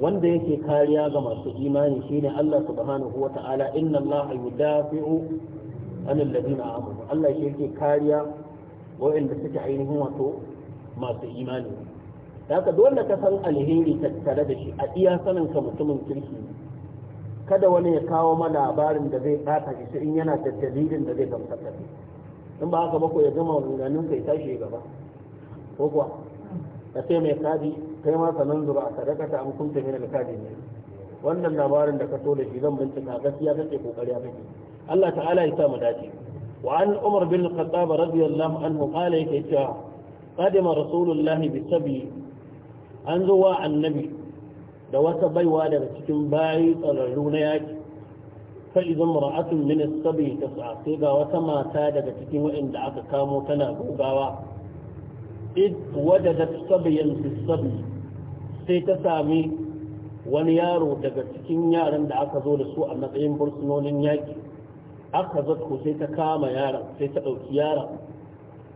wanda yake kariya ga masu imani shine Allah subhanahu wa ta'ala inna Allah yudafi'u an alladhina amanu Allah shi yake kariya wa'anda suke ainihin wato masu imani haka dole ka san alheri tattare da shi a iya sanin ka mutumin kirki kada wani ya kawo mana labarin da zai ɓata shi in yana da dalilin da zai gamsar da in ba haka ba ko ya gama runganin kai tashi gaba ko kuwa ka sai mai kadi kai ma sanan zura a sadaka ta amkunta ne daga kaji ne wannan labarin da ka so da shi zan bincika gaskiya kake kokari a kake Allah ta'ala ya sa mu dace wa an Umar bin Khattab radiyallahu anhu qala yake cewa qadima rasulullah bi sabi an zo wa annabi da wata baiwa daga cikin bayi tsararru na yaki fa idan mar'atun min as-sabi tas'a sai ga wata mata daga cikin waɗanda aka kamo tana gogawa id sai ta sami wani yaro daga cikin yaran da aka zo da su a matsayin bursunonin yaƙi aka zato sai ta kama yaran sai ta ɗauki yaran yaron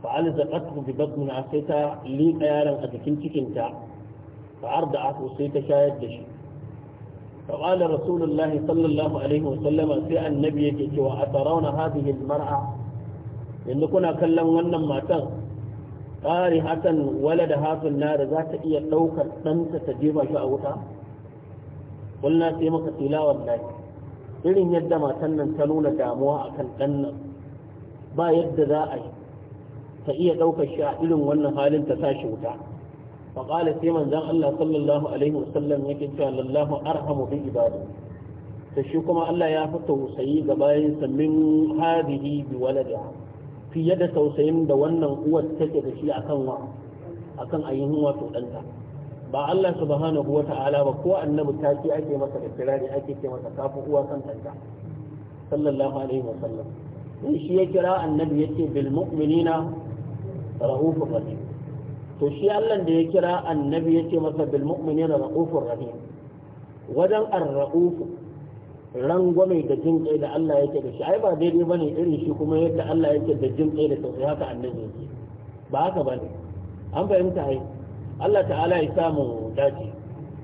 fa'al zaƙatu bi batnina sai ta liƙa yaran a jikin cikinta fa'ar da aku sai ta shayar da shi فقال رسول الله صلى الله عليه وسلم في النبي يكي وأترون هذه المرأة إن كنا كلم ونم ماتن ƙari hakan wala da hafin nara za ta iya ɗaukar ɗanta ta jefa shi a wuta ƙulna sai maka tilawar da irin yadda matan nan ta nuna damuwa a kan ɗan nan ba yadda za a ta iya ɗaukar shi a irin wannan halin ta sa shi wuta faƙala sai manzan Allah sallallahu alaihi wasallam yake cewa lallahu arhamu bi ibadu ta shi kuma Allah ya fi tausayi ga bayan min hadihi bi waladiha fiye da tausayin da wannan uwar take da shi akan wa akan ainihin wato ɗanta ba Allah subhanahu wa ta'ala ba ko annabi ta ce ake masa da kirari ake ce masa kafin uwa kan ɗanta sallallahu alaihi wa sallam in shi ya kira annabi yace bil mu'minina rahufur rahim to shi Allah da ya kira annabi yace masa bil mu'minina rahufur rahim wajen ar-ra'ufu rangwame da jin kai da Allah yake da shi ai ba daidai bane irin shi kuma yadda Allah yake da jin kai da tausayi haka annabi yake ba haka bane an fahimta ai Allah ta'ala ya samu dace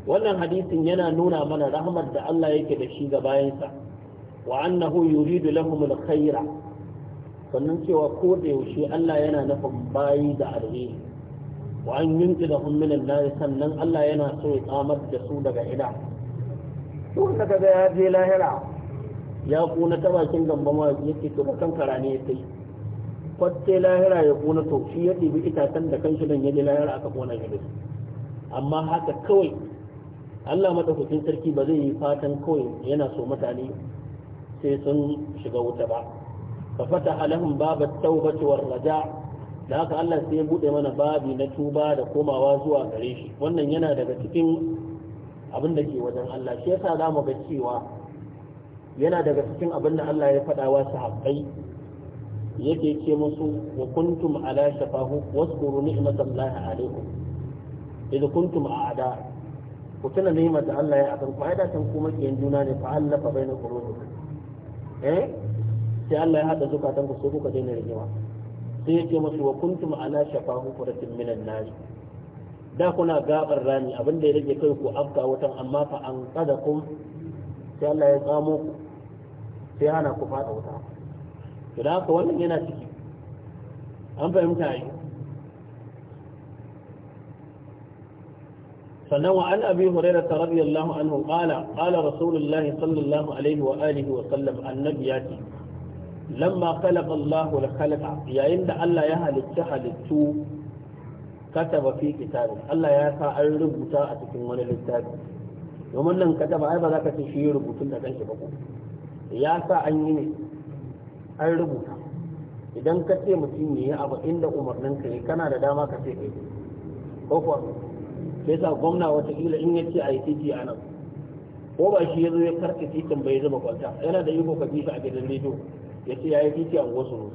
wannan hadisin yana nuna mana rahmar da Allah yake da shi ga bayansa wa annahu yuridu lahum alkhaira sannan cewa ko da yaushe Allah yana nufin bayi da alheri wa an yunqidahum min an sannan Allah yana so ya tsamar da su daga ida duk da ga ya je lahira ya kuna ta bakin gamba ma yake to kan karani ya kai kwatte lahira ya kuna to shi ya ɗibi itacen da kanshi don ya je lahira aka kona shi amma haka kawai Allah madaukakin sarki ba zai yi fatan kawai yana so mutane sai sun shiga wuta ba fa fata lahum babat tawbati war raja' da haka Allah sai ya bude mana babi na tuba da komawa zuwa gare shi wannan yana daga cikin abin da ke wajen Allah shi yasa za mu ga cewa yana daga cikin abin da Allah ya faɗa wa sahabbai yake ce musu wa kuntum ala shafahu waskuru lahi alaikum idan kuntum a'da ku tuna da Allah ya abin ku da san kuma ke juna ne fa allafa baina qulubikum eh sai Allah ya hada zukatan ku sai kuka daina rigewa sai yake musu wa kuntum ala shafahu quratin minan nari da kuna gabar rami abin da ya rage kai ku afka wutan amma fa an kada kun sai Allah ya tsamo ku sai hana ku fada wuta to da haka wannan yana ciki an fahimta yi sannan wa an abi ta radiyallahu anhu qala qala rasulullahi sallallahu alaihi wa alihi wa sallam annabi ya ce lamma khalaqa Allahu al-khalaqa yayin da Allah ya halitta halittu kataba fi kitabin Allah ya sa an rubuta a cikin wani littafi domin nan kataba ai ba za ka ce shi rubutun da kanki ba ko ya sa an yi ne an rubuta idan ka ce mutum ne abu inda umarnin ka kana da dama ka ce kai ko kuwa sai sa gwamna kila in yace a yi titi a nan ko ba shi ya zo ya karka titin bai zuba kwanta yana da iko ka bi shi a gidan rediyo ya ce ya yi titi a wasu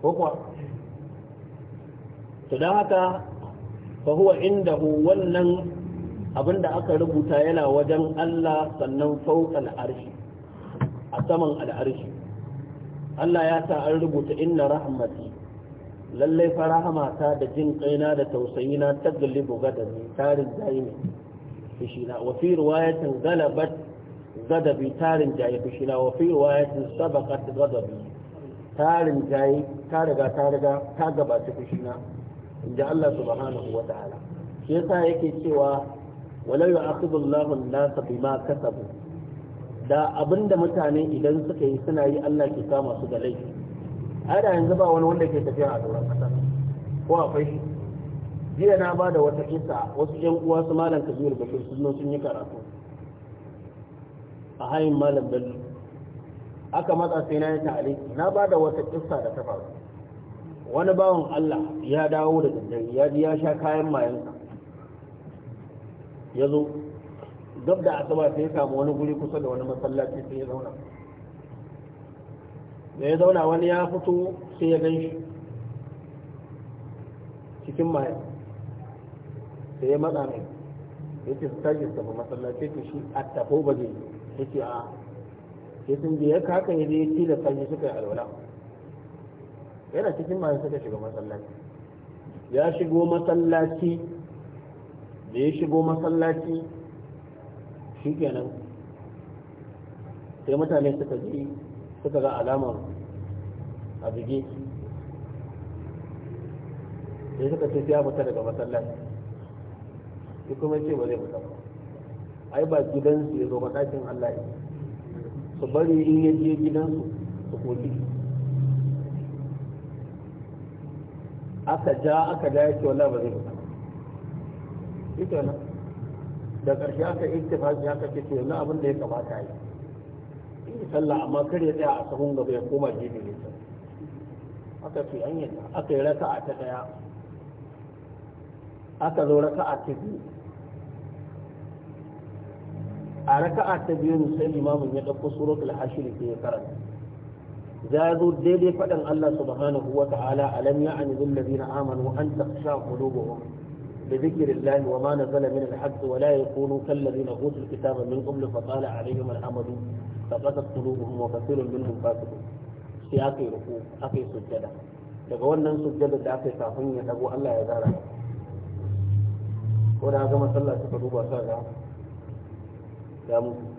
ko kuwa to don haka fa huwa indahu wannan abinda aka rubuta yana wajen Allah sannan fawqal arshi a saman al'arshi Allah ya sa an rubuta inna rahmati lallai fa ta da jin kaina da tausayina ta galibu gadabi tarin jayi fishina wa fi riwayatin galabat gadabi tarin jayi fishina wa fi riwayatin sabaqat gadabi tarin jayi ta riga ta riga ta gabata fishina inda Allah subhanahu wa ta'ala shi yasa yake cewa walau yu'akhidhu Allahu an-nasa bima kasabu da abinda mutane idan suka yi suna yi Allah ke kama su da laifi ada yanzu ba wani wanda ke tafiya a doron kasa ko akwai shi jiya na ba da wata kisa wasu yan uwa su malam kabir bashir sun sun yi karatu a hayin malam bello aka matsa sai na yi ta'aliki na ba da wata kisa da ta faru wani bawan Allah ya dawo da daddare ya ji ya sha kayan mayansa ya zo gab da asaba sai ya samu wani guri kusa da wani masallaci sai ya zauna da ya zauna wani ya fito sai ya gan shi cikin mayan sai ya matsa mai ya ce su tashi su tafi masallaci ta shi a tafo ba zai ya ce a ya sun je ya kaka ya je ya tilasta shi suka yi alwala yana cikin masu suka shiga masallaci ya shigo masallaci da ya shigo masallaci shi kenan sai mutane suka ji suka ga alamar a bige sai suka ce ya fita daga masallaci shi kuma ce ba zai fita ba ai ba gidansu ya zo matakin Allah su bari in ya je gidansu su koki aka ja aka da ce wala ba zai fita ita na da ƙarshe aka ittifaqi aka ce to yanzu abin da ya kamata yi in sallah amma kar ya tsaya a sahun gaba ya koma jini ne aka ce an yadda aka yi a ta daya aka zo a ta biyu a raka'a ta biyu sai limamin ya ɗauko suratul hashir ke ya karanta ya zo daidai faɗin Allah subhanahu wa ta'ala alam ya ani lillazina amanu an taqsha qulubuhum bi dhikrillahi wa ma nazala min al-haqq wa la utul kitaba min qabl fa al-amadu qulubuhum wa kathirun minhum sai aka ruku aka sujjada daga wannan sujjada da aka kafin ya dago Allah ya zara ko da duba ga ya mutu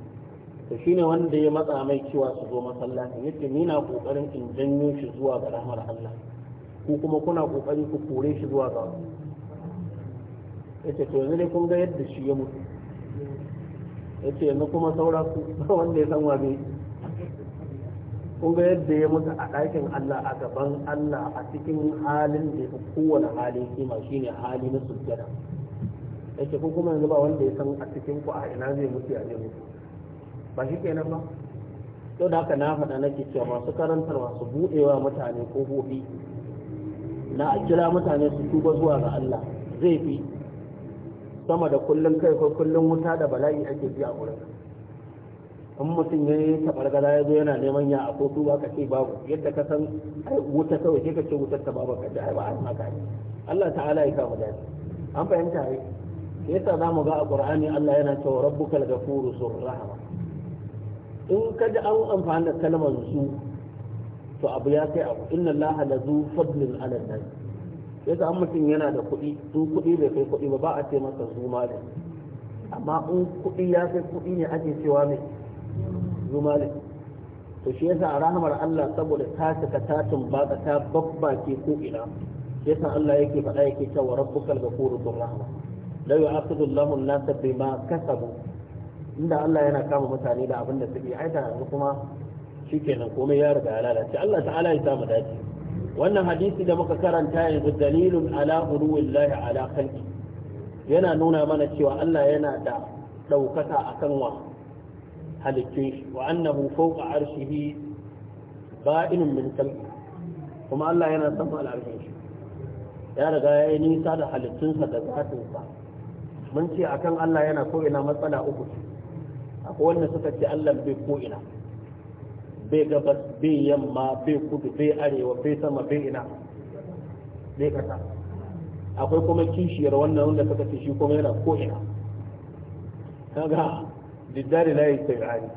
to ne wanda ya matsa mai cewa su zo masallaci yake ni na kokarin in janyo shi zuwa ga rahmar Allah ko kuma kuna kokari ku kore shi zuwa ga yace to yanzu ne kun ga yadda shi ya mutu yace yanzu kuma saura ku wanda ya san wabe kun ga yadda ya mutu a ɗakin Allah a gaban Allah a cikin halin da ya kowane hali kima shi ne hali na sujjada yake ko kuma yanzu ba wanda ya san a cikin ku a ina zai mutu ya zai mutu ba shi kenan ba to da haka na faɗa nake cewa masu karantarwa su buɗewa mutane kofofi na a kira mutane su tuba zuwa ga Allah zai fi sama da kullum kai ko kullum wuta da bala'i ake ji a wurin in mutum ya yi tabargada ya zo yana neman ya a kotu ba ka ce babu yadda ka san wuta kawai sai ka ce wutar ta babu ka ji ba a maka ne Allah ta'ala ya kama dace an fahimta ai yasa zamu ga a Qur'ani Allah yana cewa rabbukal ghafuru zur rahama in ka ji an amfani da kalmar su to abu ya kai abu inna Allah la zu fadlin ala nas sai an mutum yana da kuɗi su kuɗi bai kai kuɗi ba ba a ce masa zu mali amma in kuɗi ya kai kuɗi ne ake cewa mai zu mali to shi yasa a rahamar Allah saboda ta saka ta tumbata ta babbake ko ina yasa Allah yake faɗa yake cewa rabbukal ghafurur rahma la yu'aqidu Allahu an-nasa bima kasabu inda Allah yana kama mutane da abin da suke aita yanzu kuma shikenan komai ya riga ya lalace Allah ta'ala ya samu dace wannan hadisi da muka karanta yanzu dalilun ala uluwillahi ala khalqi yana nuna mana cewa Allah yana da daukaka akan wa halittun shi wa annahu fawqa arshihi ba'inun min khalqi kuma Allah yana sama al'arshin shi ya riga ya yi nisa da halittunsa da zatinsa mun ce akan Allah yana ko ina matsala uku ce akwai wannan suka ce Allah bai ko ina bai gabas bai yamma bai kudu bai arewa bai sama bai ina bai kasa akwai kuma kishiyar wannan wanda suka ce shi kuma yana ko ina kaga diddari la yi tsirani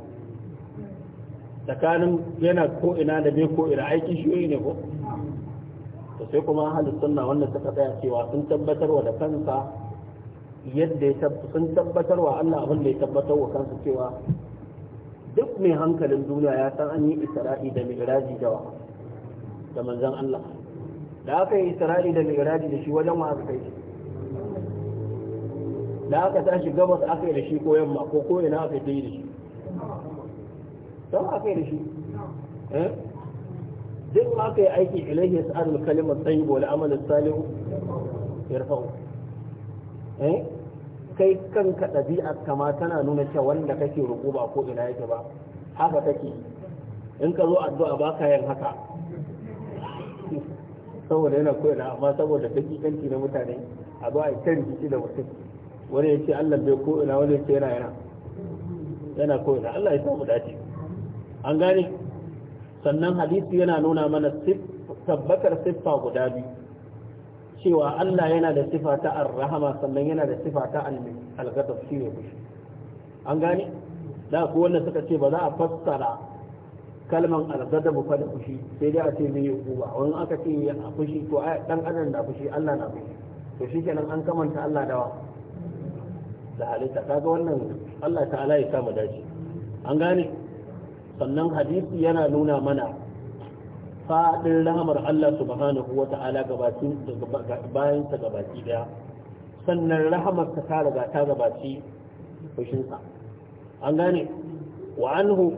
tsakanin yana ko ina da bai ko ina aiki shi ne ko to sai kuma halin sunna wannan suka tsaya cewa sun tabbatar wa da kansa yadda ya sun tabbatar wa Allah abin da ya tabbatar wa kansu cewa duk mai hankalin duniya ya san an yi isra'i da mi'raji da da manzan Allah da aka yi isra'i da mi'raji da shi wajen wa aka yi da aka tashi gabas aka yi da shi ko yamma ko ko ina aka yi da shi don aka yi da shi eh? duk aka yi aiki ilaihi sa'adul kalimar tsayi bole amalin salihu ya rafa'u eh? kai kanka ɗabi'ar kama tana nuna cewa wanda kake ruku ba ko ina yake ba haka take in ka zo addu'a ba ka yin haka saboda yana ko ina amma saboda dakikanci na mutane a zo a yi kan jiki da mutum wani ya ce Allah bai ko ina wani ya ce yana yana yana ko ina Allah ya samu dace an gane sannan hadisi yana nuna mana tabbatar siffa guda biyu cewa Allah yana da sifa ta ar-rahama sannan yana da sifa ta al-ghadab shine fushi an gane da ku wanda suka ce ba za a fassara kalman al-ghadab fa da fushi sai dai a ce mai uba wani aka ce ya fushi to ai dan adam da fushi Allah na fushi to shi kenan an kamanta Allah dawa da halitta kaga wannan Allah ta'ala ya sa mu dace an gane sannan hadisi yana nuna mana faɗin rahamar Allah subhanahu wa ta'ala bayan ta gabaci daya sannan rahamar ta ta riga ta gabaci fushinsa an gane wa anhu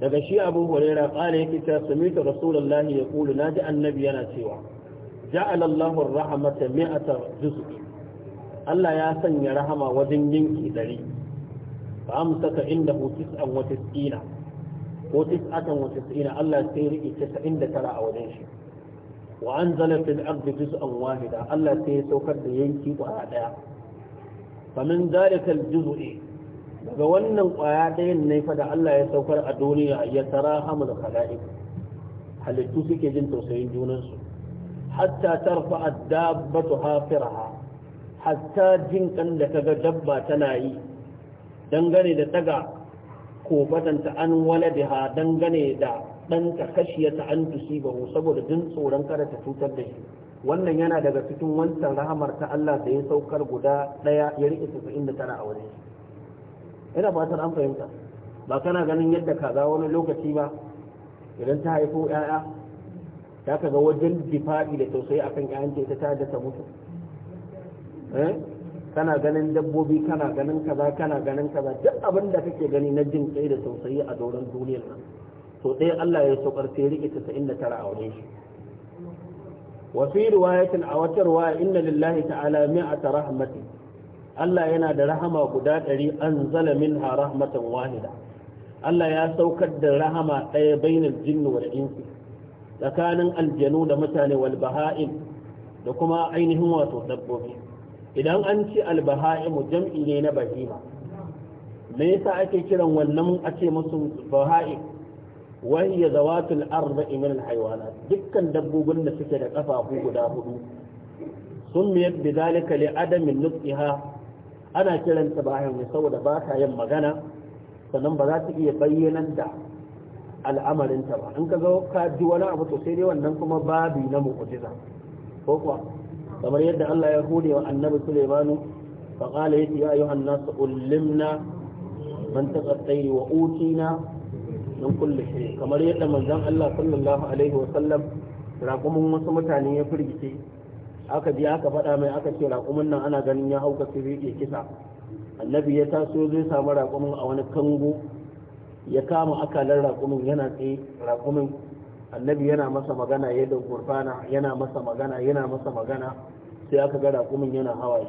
daga shi abu huraira kala yake ta samita rasulullahi ya kulu na ji annabi yana cewa Ja'alallahu Allahu rahmata mi'ata juz'i Allah ya sanya rahama wajen yinki dari fa amsaka indahu tis'an wa tis'ina ko tis'atan wa tis'ina Allah sai riƙe tasa'in da tara a wajen shi wa an zala fil ardi juz'an wahida Allah sai ya saukar da yanki kwaya daya famin zalika al juz'i daga wannan kwaya dayan ne fa da Allah ya saukar a duniya ya tara hamul khalaiq halittu suke jin tausayin junansu hatta tarfa ad-dabbatu hafiraha hatta jin kan da kaga dabba tana yi dangane da daga. kobatanta an waladiha dangane da ɗanta ta an tusibahu saboda jin tsoron kada ta cutar da shi wannan yana daga cikin wancan rahamar ta Allah da ya saukar guda ɗaya ya rike tasa'in tana a wani ina fatan an fahimta ba kana ganin yadda kaza wani lokaci ba idan ta haifo 'ya'ya ta kaga wajen difa'i da tausayi akan 'ya'yanta ita ta da ta mutu eh kana ganin dabbobi kana ganin kaza kana ganin kaza duk abin da kake gani na jin kai da tausayi a doron duniyar nan to ɗaya Allah ya saukar sai rike 99 a wurin shi wa fi riwayatin a wata riwaya inna lillahi ta'ala mi'ata rahmatin Allah yana da rahama guda ɗari an zala minha rahmatan wahida Allah ya saukar da rahama ɗaya bainar jinni wal insi tsakanin aljanu da mutane wal baha'in da kuma ainihin wato dabbobi idan an ce albaha'imu jam'i ne na bahima me yasa ake kiran wannan a ce musu baha'im wahiya zawatul arba'i min alhayawanat dukkan dabbobin da suke da kafafu guda hudu sun miyar bi zalika li adamin nutqiha ana kiran ta baha'im ne saboda ba ta yin magana sannan ba za ta iya bayyanar da al'amarin ta ba in ka ga ka ji wani abu to sai dai wannan kuma babi na mu'jiza ko kuwa kamar yadda Allah ya hode wa annabi Sulaimanu fa qala ya ayuha an-nas ullimna man taqattayri wa utina min kulli shay kamar yadda manzon Allah sallallahu alaihi wa sallam raƙumin wasu mutane ya firgice aka ji aka faɗa mai aka ce raƙumin nan ana ganin ya hauka su rike kisa annabi ya taso zai samu raƙumin a wani kango ya kama akalar raƙumin yana tsaye raƙumin annabi yana masa magana ya yadda gurfana yana masa magana yana masa magana sai aka ga raƙumin yana hawaye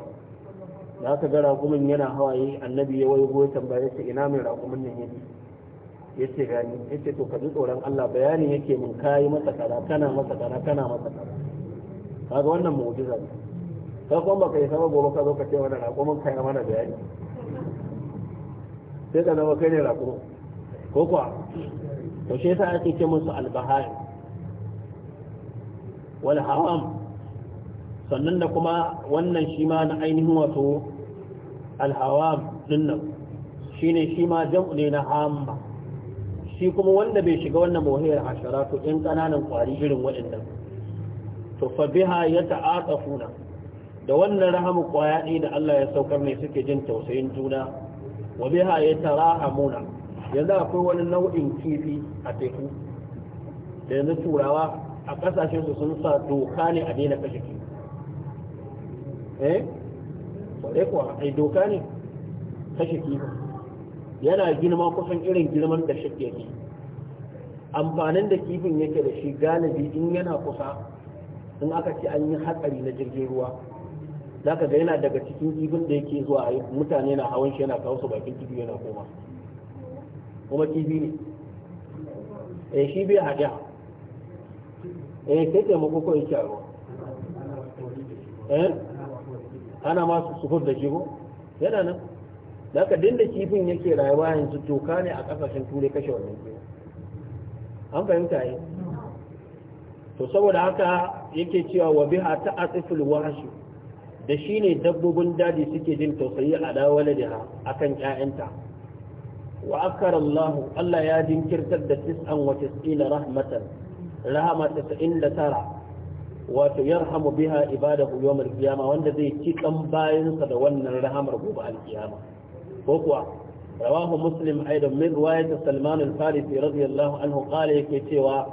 da aka ga raƙumin yana hawaye annabi ya wai goyi tambaya ce ina mai raƙumin nan yake yace gani yace to ka ji tsoron Allah bayani yake mun kai masa kaza kana masa kaza kana masa kaza kaga wannan mu'jiza ne ka kuma baka yi sama gobe ka zo ka ce wannan raƙumin kai mana bayani sai ka zama kai ne raƙumin ko kuwa to shi yasa ake ce musu albahari wal haram sannan da kuma wannan shi ma na ainihin wato alhawam dinnan shine shi ma jam'u ne na hamma shi kuma wanda bai shiga wannan mawahiyar hasharatu in ɗin ƙananan ƙwari irin waɗannan to fa biha ya da wannan rahamu kwaya ne da Allah ya saukar ne suke jin tausayin juna wa biha ya tarahamuna yanzu akwai wani nau'in kifi a teku da yanzu turawa a kasashen su sun sa doka ne a daina kashe kifi eh sai kuwa ai doka ne kashe kifi yana girma kusan irin girman da shi yake amfanin da kifin yake da shi galibi in yana kusa in aka ce an yi hatsari na jirgin ruwa za ka ga yana daga cikin kifin da yake zuwa mutane na hawan shi yana kawo su bakin kifi yana koma kuma kifi ne eh shi bai hadiya eh sai taimako ko yake ruwa eh ana ma su sufur da shi yana nan da ka dinda kifin yake rayuwa yanzu toka ne a kasashen turai kashe wannan kifin an fahimta yi to saboda haka yake cewa wa biha ta asifil wahashi da shine dabbobin daji suke jin tausayi a dawala da akan ƴaƴanta wa Allah Allah ya jinkirta da tis'an wa tis'ina rahmatan rahama tasa'in da tara wato yarhamu biha ibada yawmal qiyama wanda zai ci kan bayansa da wannan rahamar gobe alkiyama ko kuwa rawahu muslim aidan min riwayat Salman radiyallahu yake cewa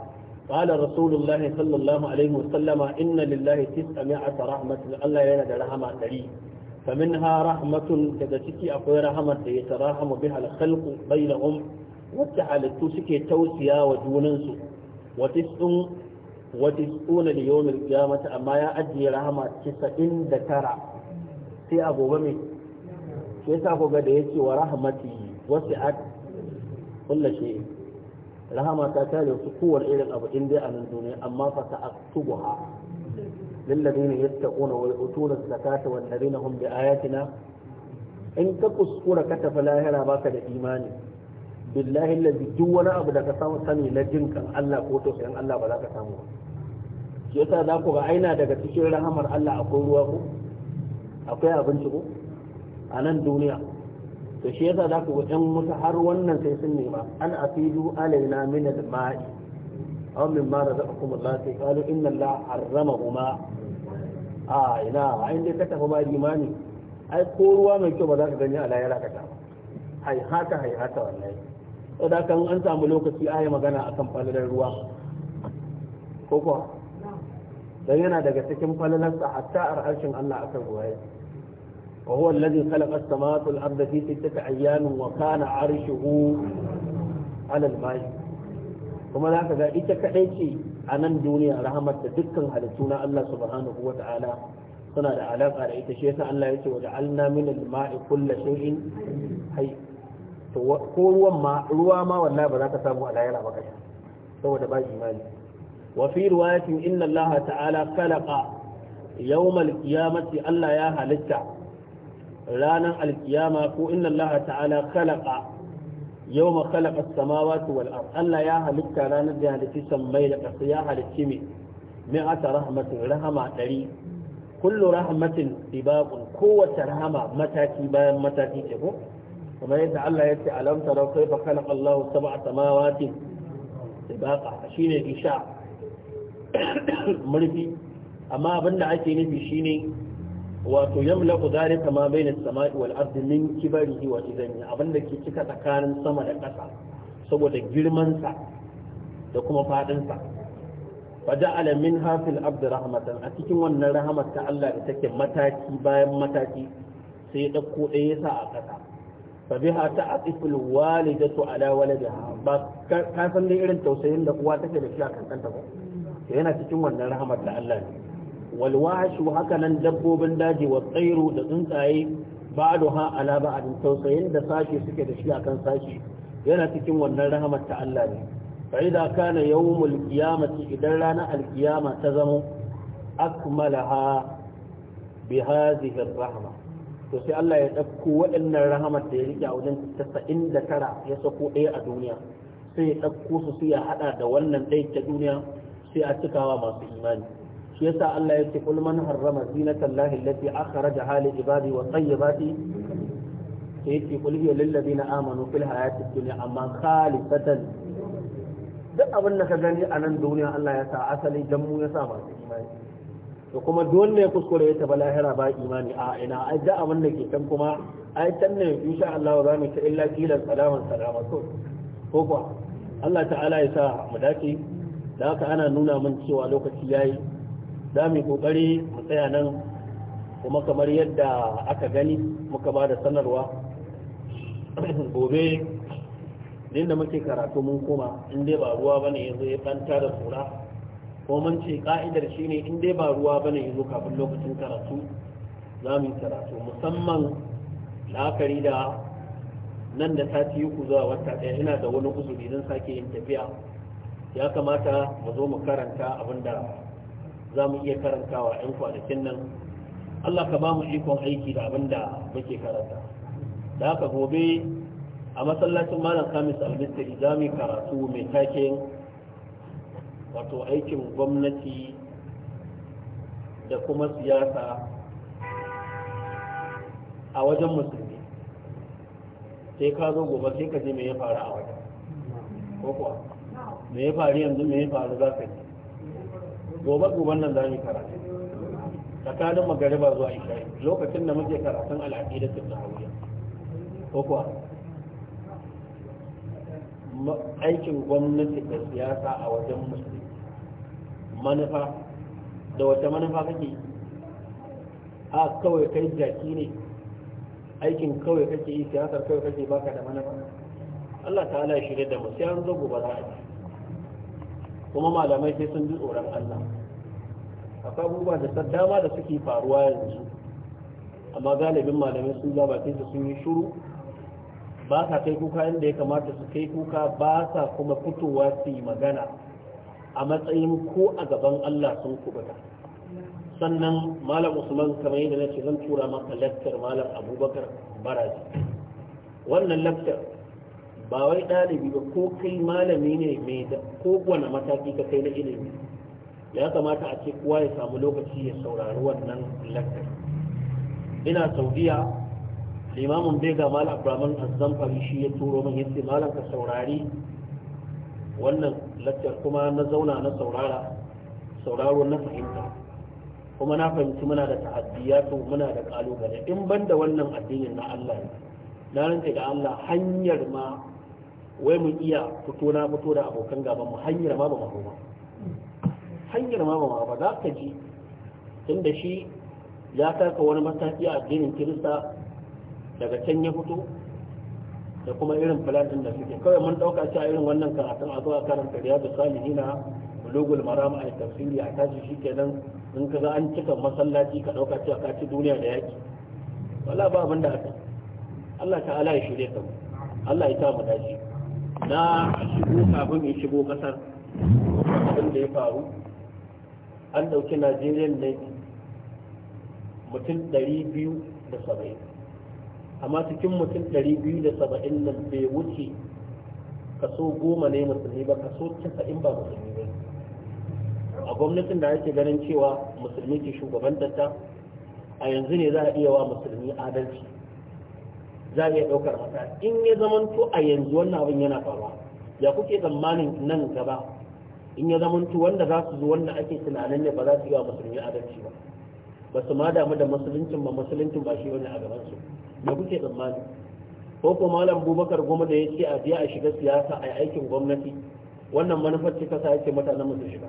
قال رسول الله صلى الله عليه وسلم إن لله تسعمائة رحمة الله ينادى رحمة دليل فمنها رحمة تدسكي أقوي رحمة يتراحم بها الخلق بينهم وتعالت تسكي توسيا وجوننسو وتسعون وتسعون ليوم القيامة أما يأدي رحمة تسعين دكرة سي أبو بمي كيسا أبو بديتي ورحمتي وسعت كل شيء رحمة تتالي سكور إلى الأبو إندي أن الدنيا أما فسأكتبها للذين يتقون ويؤتون الزكاة والذين هم بآياتنا إن تكسكور كتف لا هنا باك إيماني billahi lazi duk wani abu da ka samu sani na jin kan Allah ko to sayan ba za ka samu ba shi yasa za ku ga aina daga cikin rahamar Allah akwai ruwa ko akwai abinci ko a nan duniya to shi za ku ga har wannan sai sun nema an afidu alaina min al aw min ma razaqakum Allah sai qalu inna Allah harramahuma a ina a inda ka tafi ba imani ai ko ruwa mai kyau ba za ka gani a layar ka ta hai haka hai haka wallahi saboda kan an samu lokaci ayi magana akan falalar ruwa ko kuwa dan yana daga cikin falalarsa hatta arharshin Allah akan ruwa yake وهو الذي خلق السماوات والأرض في ستة أيام وكان عرشه على الماء kuma za ka ga ita kaɗai ce a nan duniya rahamar da dukkan halittu na Allah subhanahu wa ta'ala suna da alaƙa da ita shi yasa Allah ya ce wa ja'alna min al-ma'i kulli shay'in hay to ko ruwan ma ruwa ma wallahi ba za ka samu a lahira ba kai saboda ba imani wa fi riwayatin inna Allah ta'ala khalaqa yawm al-qiyamati Allah ya halitta ranar al-qiyama ko inna Allah ta'ala khalaqa yau ma khalaqa samawati su ard Allah ya halitta ranar da halitti sammai da ƙasa ya halitti mi min ata rahmatin rahama ɗari kullu rahmatin sibaqun kowace rahama mataki bayan mataki ce ko Kuma yadda Allah ya ce alam tara kaifa khalaqa Allahu sab'a samawati sibaqa shine isha murfi amma abinda ake nufi shine wato yamlaku zalika ma bai as-sama'i wal ardi min kibarihi wa izani abinda ke cika tsakanin sama da ƙasa saboda girmansa da kuma faɗinsa, sa faja'ala minha fil rahmatan a cikin wannan rahmat ta Allah da take mataki bayan mataki sai ya dauko ɗaya sa a ƙasa fa biha ta'tiful walidatu ala waladiha ba ka san da irin tausayin da uwa take da shi a kankanta ba yana cikin wannan rahmat ta Allah ne walwashu haka nan dabbobin daji wa tsairu da tsuntsaye ha ala ba'din tausayin da sashi suke da shi akan sashi yana cikin wannan rahamar ta Allah ne fa idza kana yawmul qiyamati idan ranar alqiyama ta zamo akmalaha bi hadhihi rahma to sai Allah ya dauko waɗannan rahamar da ya rike a wajen 99 ya sako ɗaya a duniya sai ya dauko su ya hada da wannan ɗaya ta duniya sai a cikawa masu imani shi yasa Allah yake kul man harrama zinatan lahi allati akhraja hali ibadi wa tayyibati sai yake kul hiya lil ladina amanu fil hayati dunya amma duk abin da ka gani a nan duniya Allah ya sa asali dan mu ya sa ba imani to kuma duk ya kuskure ya ba imani a ina ai da abin da ke can kuma ai can ne insha Allah za mu ta illa kilan salaman salama to ko kuwa Allah ta'ala ya sa mu dace da haka ana nuna min cewa lokaci yayi za mu yi kokari mu tsaya nan kuma kamar yadda aka gani muka ba da sanarwa gobe din da muke karatu mun koma in dai ba ruwa bane yanzu ya banta da tsura ko mun ce ka'idar shine in dai ba ruwa bane yanzu kafin lokacin karatu za mu yi karatu musamman la'akari da nan da ta sati uku zuwa wata ɗaya ina da wani uzuri don sake yin tafiya ya kamata mu zo mu karanta abin da za mu iya karantawa 'yan kwanakin nan Allah ka ba mu ikon aiki da abin da muke karanta da haka gobe a masallacin malam kamis al-mistri za mu karatu mai taken wato aikin gwamnati da kuma siyasa a wajen musulmi sai ka zo gobe sai ka je me ya faru a wajen ko kuwa me ya faru yanzu me ya faru za ka ji gobe goben nan za mu karatu tsakanin magariba zuwa isha'i lokacin da muke karatun al'aqida ta tahawiyya ko kuwa aikin gwamnati da siyasa a wajen musulmi manufa da wata manufa kake a kawai kai jaki ne aikin kawai kake yi siyasar kawai kake baka da manufa Allah ta'ala ya shirya da mu yanzu zo gobe za a yi kuma malamai sai sun ji tsoron Allah akwai abubuwa da dama da suke faruwa yanzu amma galibin malamai sun ba da sun yi shuru ba sa kai kuka inda ya kamata su kai kuka ba sa kuma fitowa su yi magana a matsayin ko a gaban Allah sun kubuta sannan malam usman kamar yadda na ce zan tura maka laktar malam abubakar baraji wannan laktar ba wai ɗalibi ba ko kai malami ne mai da kowane mataki ka kai na ilimi ya kamata a ce kowa ya samu lokaci ya saurari wannan lakari ina saudiya limamin ga mal abraman azzamfari shi ya turo min yace malam ka saurari wannan lakcar kuma na zauna na saurara sauraro na fahimta kuma na fahimci muna da ta'addiyatu muna da kalubale in banda wannan addinin na Allah ne na rantsa da Allah hanyar ma wai mun iya fito na fito da abokan gaban mu hanyar ma ba mu ba hanyar ma ba ba za ka ji tunda shi ya taka wani mataki a addinin kirista daga can ya fito da kuma irin filatin da suke kawai mun dauka a irin wannan karatun a zuwa karin da riyadu nina bulugul maram a tafsiri a tashi nan in ka ga an cika masallaci ka dauka cewa ka ci duniya da yaki wala ba abin da haka Allah ta'ala ya shirye ka Allah ya ta mu dace na shigo kafin in shigo kasar abin da ya faru an ɗauki najeriya ne mutum 270 amma cikin mutum 270 nan bai wuce kaso goma ne musulmi ba kaso 90 ba musulmi ba a gwamnatin da ake ganin cewa musulmi ke shugabantar ta a yanzu ne za a iya wa musulmi adalci za mu iya ɗaukar haka in ya to a yanzu wannan abin yana faruwa ya kuke tsammanin nan gaba in ya to wanda za su zo wanda ake tunanin ne ba za su yi wa musulmi adalci ba ba su ma damu da musuluncin ba musuluncin ba shi wani a gaban su me kuke tsammani ko ko malam bubakar goma da ya ce a biya a shiga siyasa a aikin gwamnati wannan manufar ce kasa yake mutanen su shiga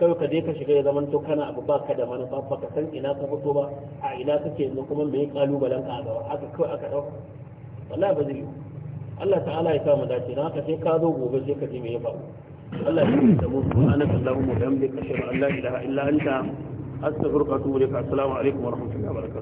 kawai ka je ka shiga ya zaman to kana abu ba ka da manufa ba ka san ina ka fito ba a ina kake yanzu kuma me kalubalen ka a gaba haka kawai aka dauka wallahi ba zai yi Allah ta'ala ya sa mu dace na haka sai ka zo gobe sai ka ji me ya faru Allah ya yi da mu subhanaka allahumma wa bihamdika ashhadu an la ilaha illa anta astaghfiruka wa atubu ilaik assalamu alaikum wa rahmatullahi wa barakatuh